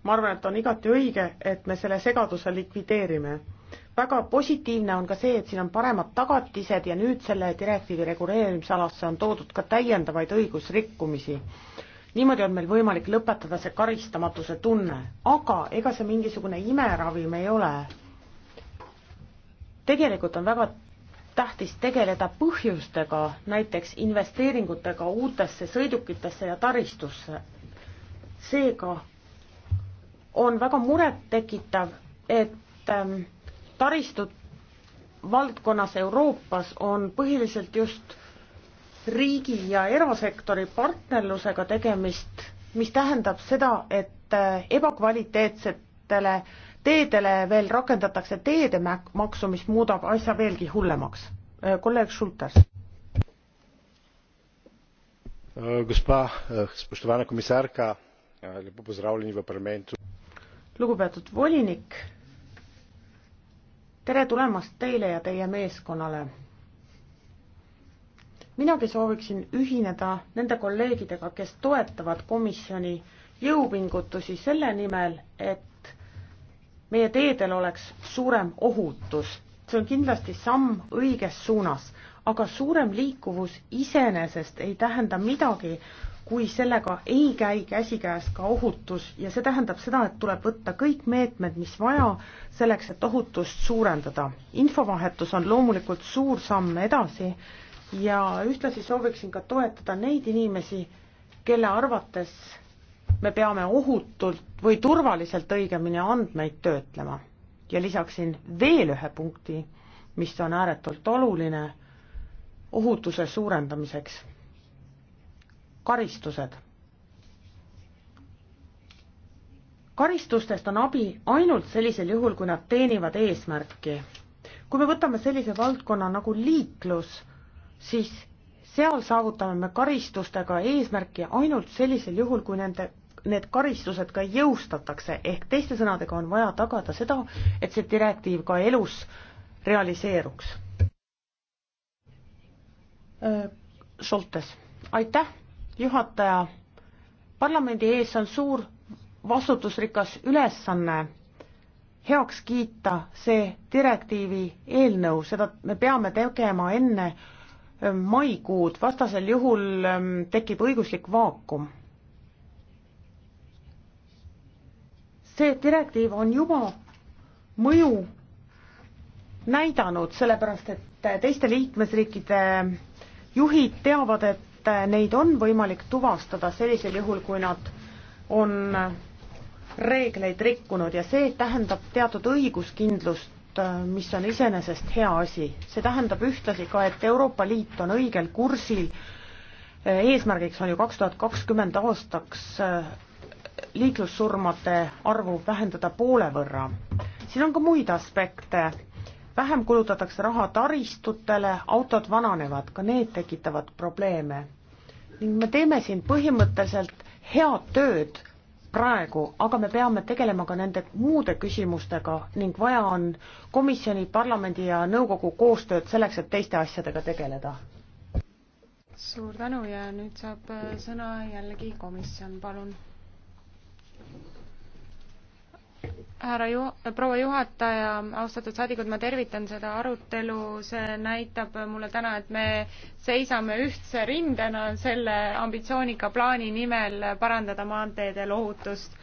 ma arvan, et on igati õige, et me selle segaduse likvideerime. väga positiivne on ka see, et siin on paremad tagatised ja nüüd selle direktiivi reguleerimisalasse on toodud ka täiendavaid õigusrikkumisi. niimoodi on meil võimalik lõpetada see karistamatuse tunne, aga ega see mingisugune imeravim ei ole. tegelikult on väga tähtis tegeleda põhjustega, näiteks investeeringutega uutesse sõidukitesse ja taristusse. seega on väga murettekitav, et ähm, taristud valdkonnas Euroopas on põhiliselt just riigi ja erasektori partnerlusega tegemist, mis tähendab seda, et äh, ebakvaliteetsetele äh, teedele veel rakendatakse teedemaksu, mis muudab asja veelgi hullemaks. Äh, kolleeg Šultes. Äh, gospa, äh, spoštovana komisarka, lepo pozdravljeni v parlamentu. lugupeetud volinik, tere tulemast teile ja teie meeskonnale minagi sooviksin ühineda nende kolleegidega, kes toetavad komisjoni jõupingutusi selle nimel, et meie teedel oleks suurem ohutus. see on kindlasti samm õiges suunas, aga suurem liikuvus iseenesest ei tähenda midagi, kui sellega ei käi käsikäes ka ohutus ja see tähendab seda, et tuleb võtta kõik meetmed, mis vaja selleks, et ohutust suurendada. infovahetus on loomulikult suur samm edasi ja ühtlasi sooviksin ka toetada neid inimesi, kelle arvates me peame ohutult või turvaliselt õigemini andmeid töötlema. ja lisaksin veel ühe punkti, mis on ääretult oluline ohutuse suurendamiseks. karistused. karistustest on abi ainult sellisel juhul, kui nad teenivad eesmärki. kui me võtame sellise valdkonna nagu liiklus, siis seal saavutame me karistustega eesmärki ainult sellisel juhul, kui nende need karistused ka jõustatakse, ehk teiste sõnadega on vaja tagada seda, et see direktiiv ka elus realiseeruks. Äh, Šoltes, aitäh, juhataja. parlamendi ees on suur vastutusrikas ülesanne heaks kiita see direktiivi eelnõu, seda me peame tegema enne maikuud, vastasel juhul ähm, tekib õiguslik vaakum. see direktiiv on juba mõju näidanud, sellepärast et teiste liikmesriikide juhid teavad, et neid on võimalik tuvastada sellisel juhul, kui nad on reegleid rikkunud ja see tähendab teatud õiguskindlust Äh, mis on iseenesest hea asi. see tähendab ühtlasi ka, et Euroopa Liit on õigel kursil, äh, eesmärgiks on ju kaks tuhat kakskümmend aastaks äh, liiklussurmade arvu vähendada poole võrra. siin on ka muid aspekte, vähem kulutatakse raha taristutele, autod vananevad, ka need tekitavad probleeme. ning me teeme siin põhimõtteliselt head tööd praegu, aga me peame tegelema ka nende muude küsimustega ning vaja on komisjoni, parlamendi ja nõukogu koostööd selleks, et teiste asjadega tegeleda. suur tänu ja nüüd saab äh, sõna jällegi komisjon, palun härra ju-, proua juhataja, austatud saadikud, ma tervitan seda arutelu, see näitab mulle täna, et me seisame ühtse rindena selle ambitsioonika plaani nimel parandada maanteedel ohutust.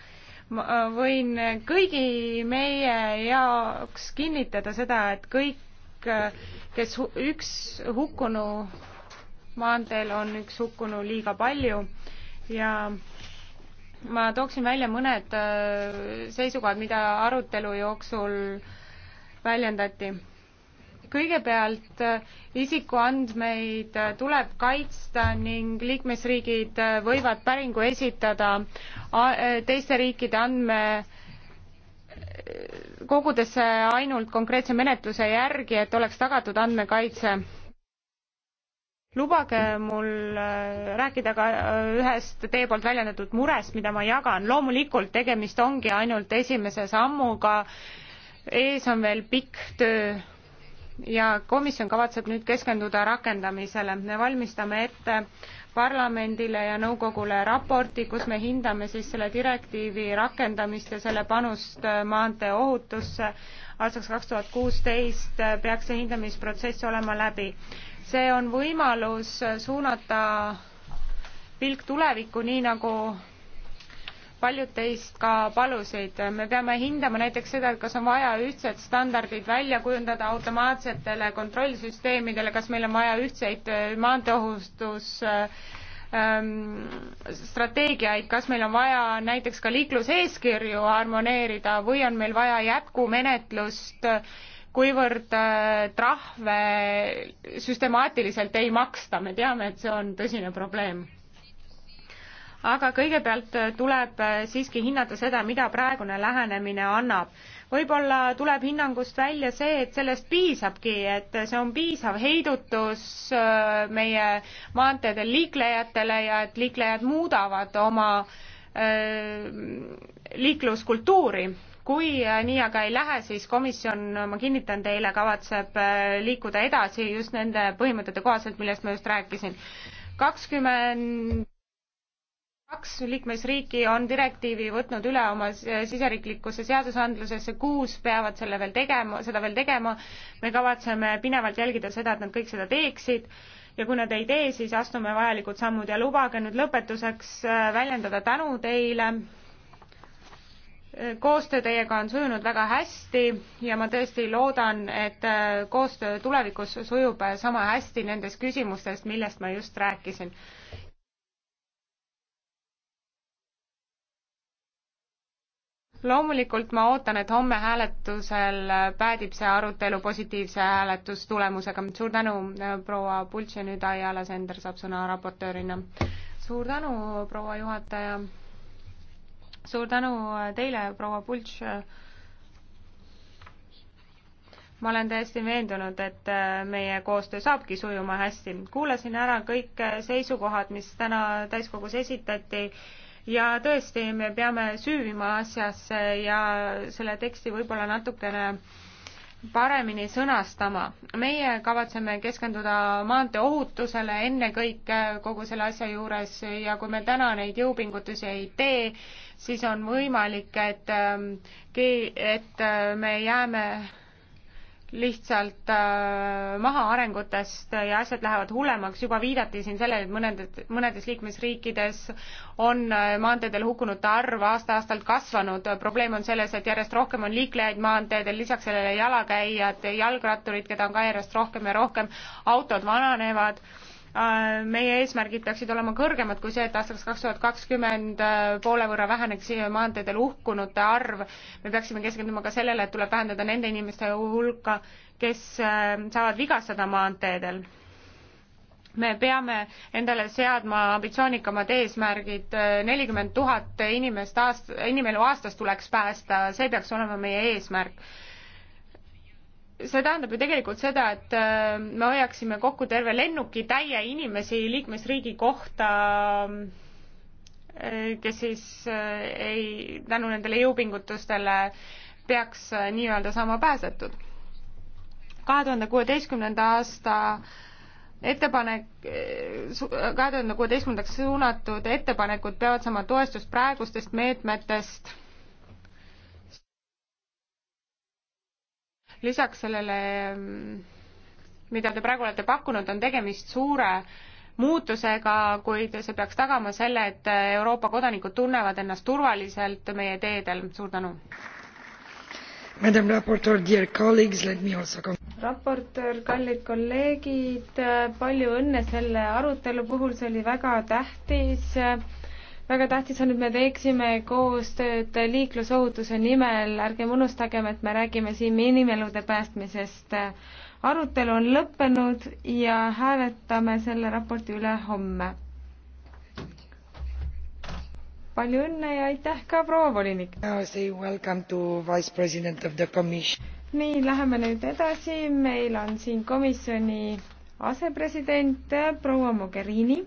ma äh, võin kõigi meie jaoks kinnitada seda, et kõik, äh, kes hu-, üks hukkunu maanteel on üks hukkunu liiga palju ja ma tooksin välja mõned äh, seisukohad, mida arutelu jooksul väljendati. kõigepealt äh, isikuandmeid äh, tuleb kaitsta ning liikmesriigid võivad päringu esitada teiste riikide andme kogudesse ainult konkreetse menetluse järgi, et oleks tagatud andmekaitse lubage mul äh, rääkida ka äh, ühest teie poolt väljendatud murest, mida ma jagan. loomulikult tegemist ongi ainult esimese sammuga, ees on veel pikk töö ja komisjon kavatseb nüüd keskenduda rakendamisele. me valmistame ette parlamendile ja nõukogule raporti, kus me hindame siis selle direktiivi rakendamist ja selle panust äh, maanteeohutusse. aastaks kaks tuhat kuusteist peaks see hindamisprotsess olema läbi see on võimalus suunata pilk tulevikku, nii nagu paljud teist ka palusid. me peame hindama näiteks seda, et kas on vaja ühtsed standardid välja kujundada automaatsetele kontrollsüsteemidele, kas meil on vaja ühtseid äh, maanteeohutus äh, ähm, strateegiaid, kas meil on vaja näiteks ka liikluseeskirju harmoneerida või on meil vaja jätkumenetlust äh, kuivõrd äh, trahve süstemaatiliselt ei maksta, me teame, et see on tõsine probleem. aga kõigepealt äh, tuleb äh, siiski hinnata seda, mida praegune lähenemine annab. võib-olla tuleb hinnangust välja see, et sellest piisabki, et see on piisav heidutus meie maanteedel liiklejatele ja et liiklejad muudavad oma liikluskultuuri kui äh, nii aga ei lähe, siis komisjon, ma kinnitan teile, kavatseb äh, liikuda edasi just nende põhimõtete kohaselt, millest ma just rääkisin. kakskümmend kaks liikmesriiki on direktiivi võtnud üle oma siseriiklikusse seadusandlusesse, kuus peavad selle veel tegema, seda veel tegema. me kavatseme pinevalt jälgida seda, et nad kõik seda teeksid ja kui nad ei tee, siis astume vajalikud sammud ja lubage nüüd lõpetuseks äh, väljendada tänu teile koostöö teiega on sujunud väga hästi ja ma tõesti loodan, et äh, koostöö tulevikus sujub sama hästi nendes küsimustes, millest ma just rääkisin. loomulikult ma ootan, et homme hääletusel päädib see arutelu positiivse hääletustulemusega. suur tänu, äh, proua Pultši, nüüd Aiala Sender saab sõna raportöörina. suur tänu, proua juhataja suur tänu äh, teile, proua Pultš. ma olen täiesti veendunud, et äh, meie koostöö saabki sujuma hästi. kuulasin ära kõik äh, seisukohad, mis täna täiskogus esitati ja tõesti, me peame süüvima asjasse ja selle teksti võib-olla natukene paremini sõnastama. meie kavatseme keskenduda maantee ohutusele ennekõike kogu selle asja juures ja kui me täna neid jõupingutusi ei tee, siis on võimalik, et, ähm, et äh, me jääme lihtsalt äh, mahaarengutest ja asjad lähevad hullemaks, juba viidati siin sellele, et mõned, mõnedes liikmesriikides on äh, maanteedel hukkunute arv aasta-aastalt kasvanud, probleem on selles, et järjest rohkem on liiklejaid maanteedel, lisaks sellele jalakäijad, jalgratturid, keda on ka järjest rohkem ja rohkem, autod vananevad äh,, Äh, meie eesmärgid peaksid olema kõrgemad kui see, et aastaks kaks tuhat kakskümmend äh, poole võrra väheneks maanteedel uhkunute arv. me peaksime keskenduma ka sellele, et tuleb vähendada nende inimeste hulka, kes äh, saavad vigastada maanteedel. me peame endale seadma ambitsioonikamad eesmärgid, nelikümmend tuhat inimest aast-, inimelu aastas tuleks päästa, see peaks olema meie eesmärk see tähendab ju tegelikult seda, et äh, me hoiaksime kokku terve lennukitäie inimesi liikmesriigi kohta, äh, kes siis äh, ei, tänu nendele jõupingutustele peaks nii-öelda saama pääsetud. kahe tuhande kuueteistkümnenda aasta ettepanek, kahe tuhande kuueteistkümnendaks suunatud ettepanekud peavad saama toestust praegustest meetmetest lisaks sellele, mm, mida te praegu olete pakkunud, on tegemist suure muutusega, kuid see peaks tagama selle, et Euroopa kodanikud tunnevad ennast turvaliselt meie teedel. suur tänu! raportöör, kallid kolleegid, palju õnne selle arutelu puhul, see oli väga tähtis väga tähtis on, et me teeksime koostööd liiklusohutuse nimel, ärgem unustagem, et me räägime siin inimelude päästmisest. arutelu on lõppenud ja hääletame selle raporti üle homme. palju õnne ja aitäh ka proua volinik. nii, läheme nüüd edasi, meil on siin komisjoni asepresident proua Mogherini.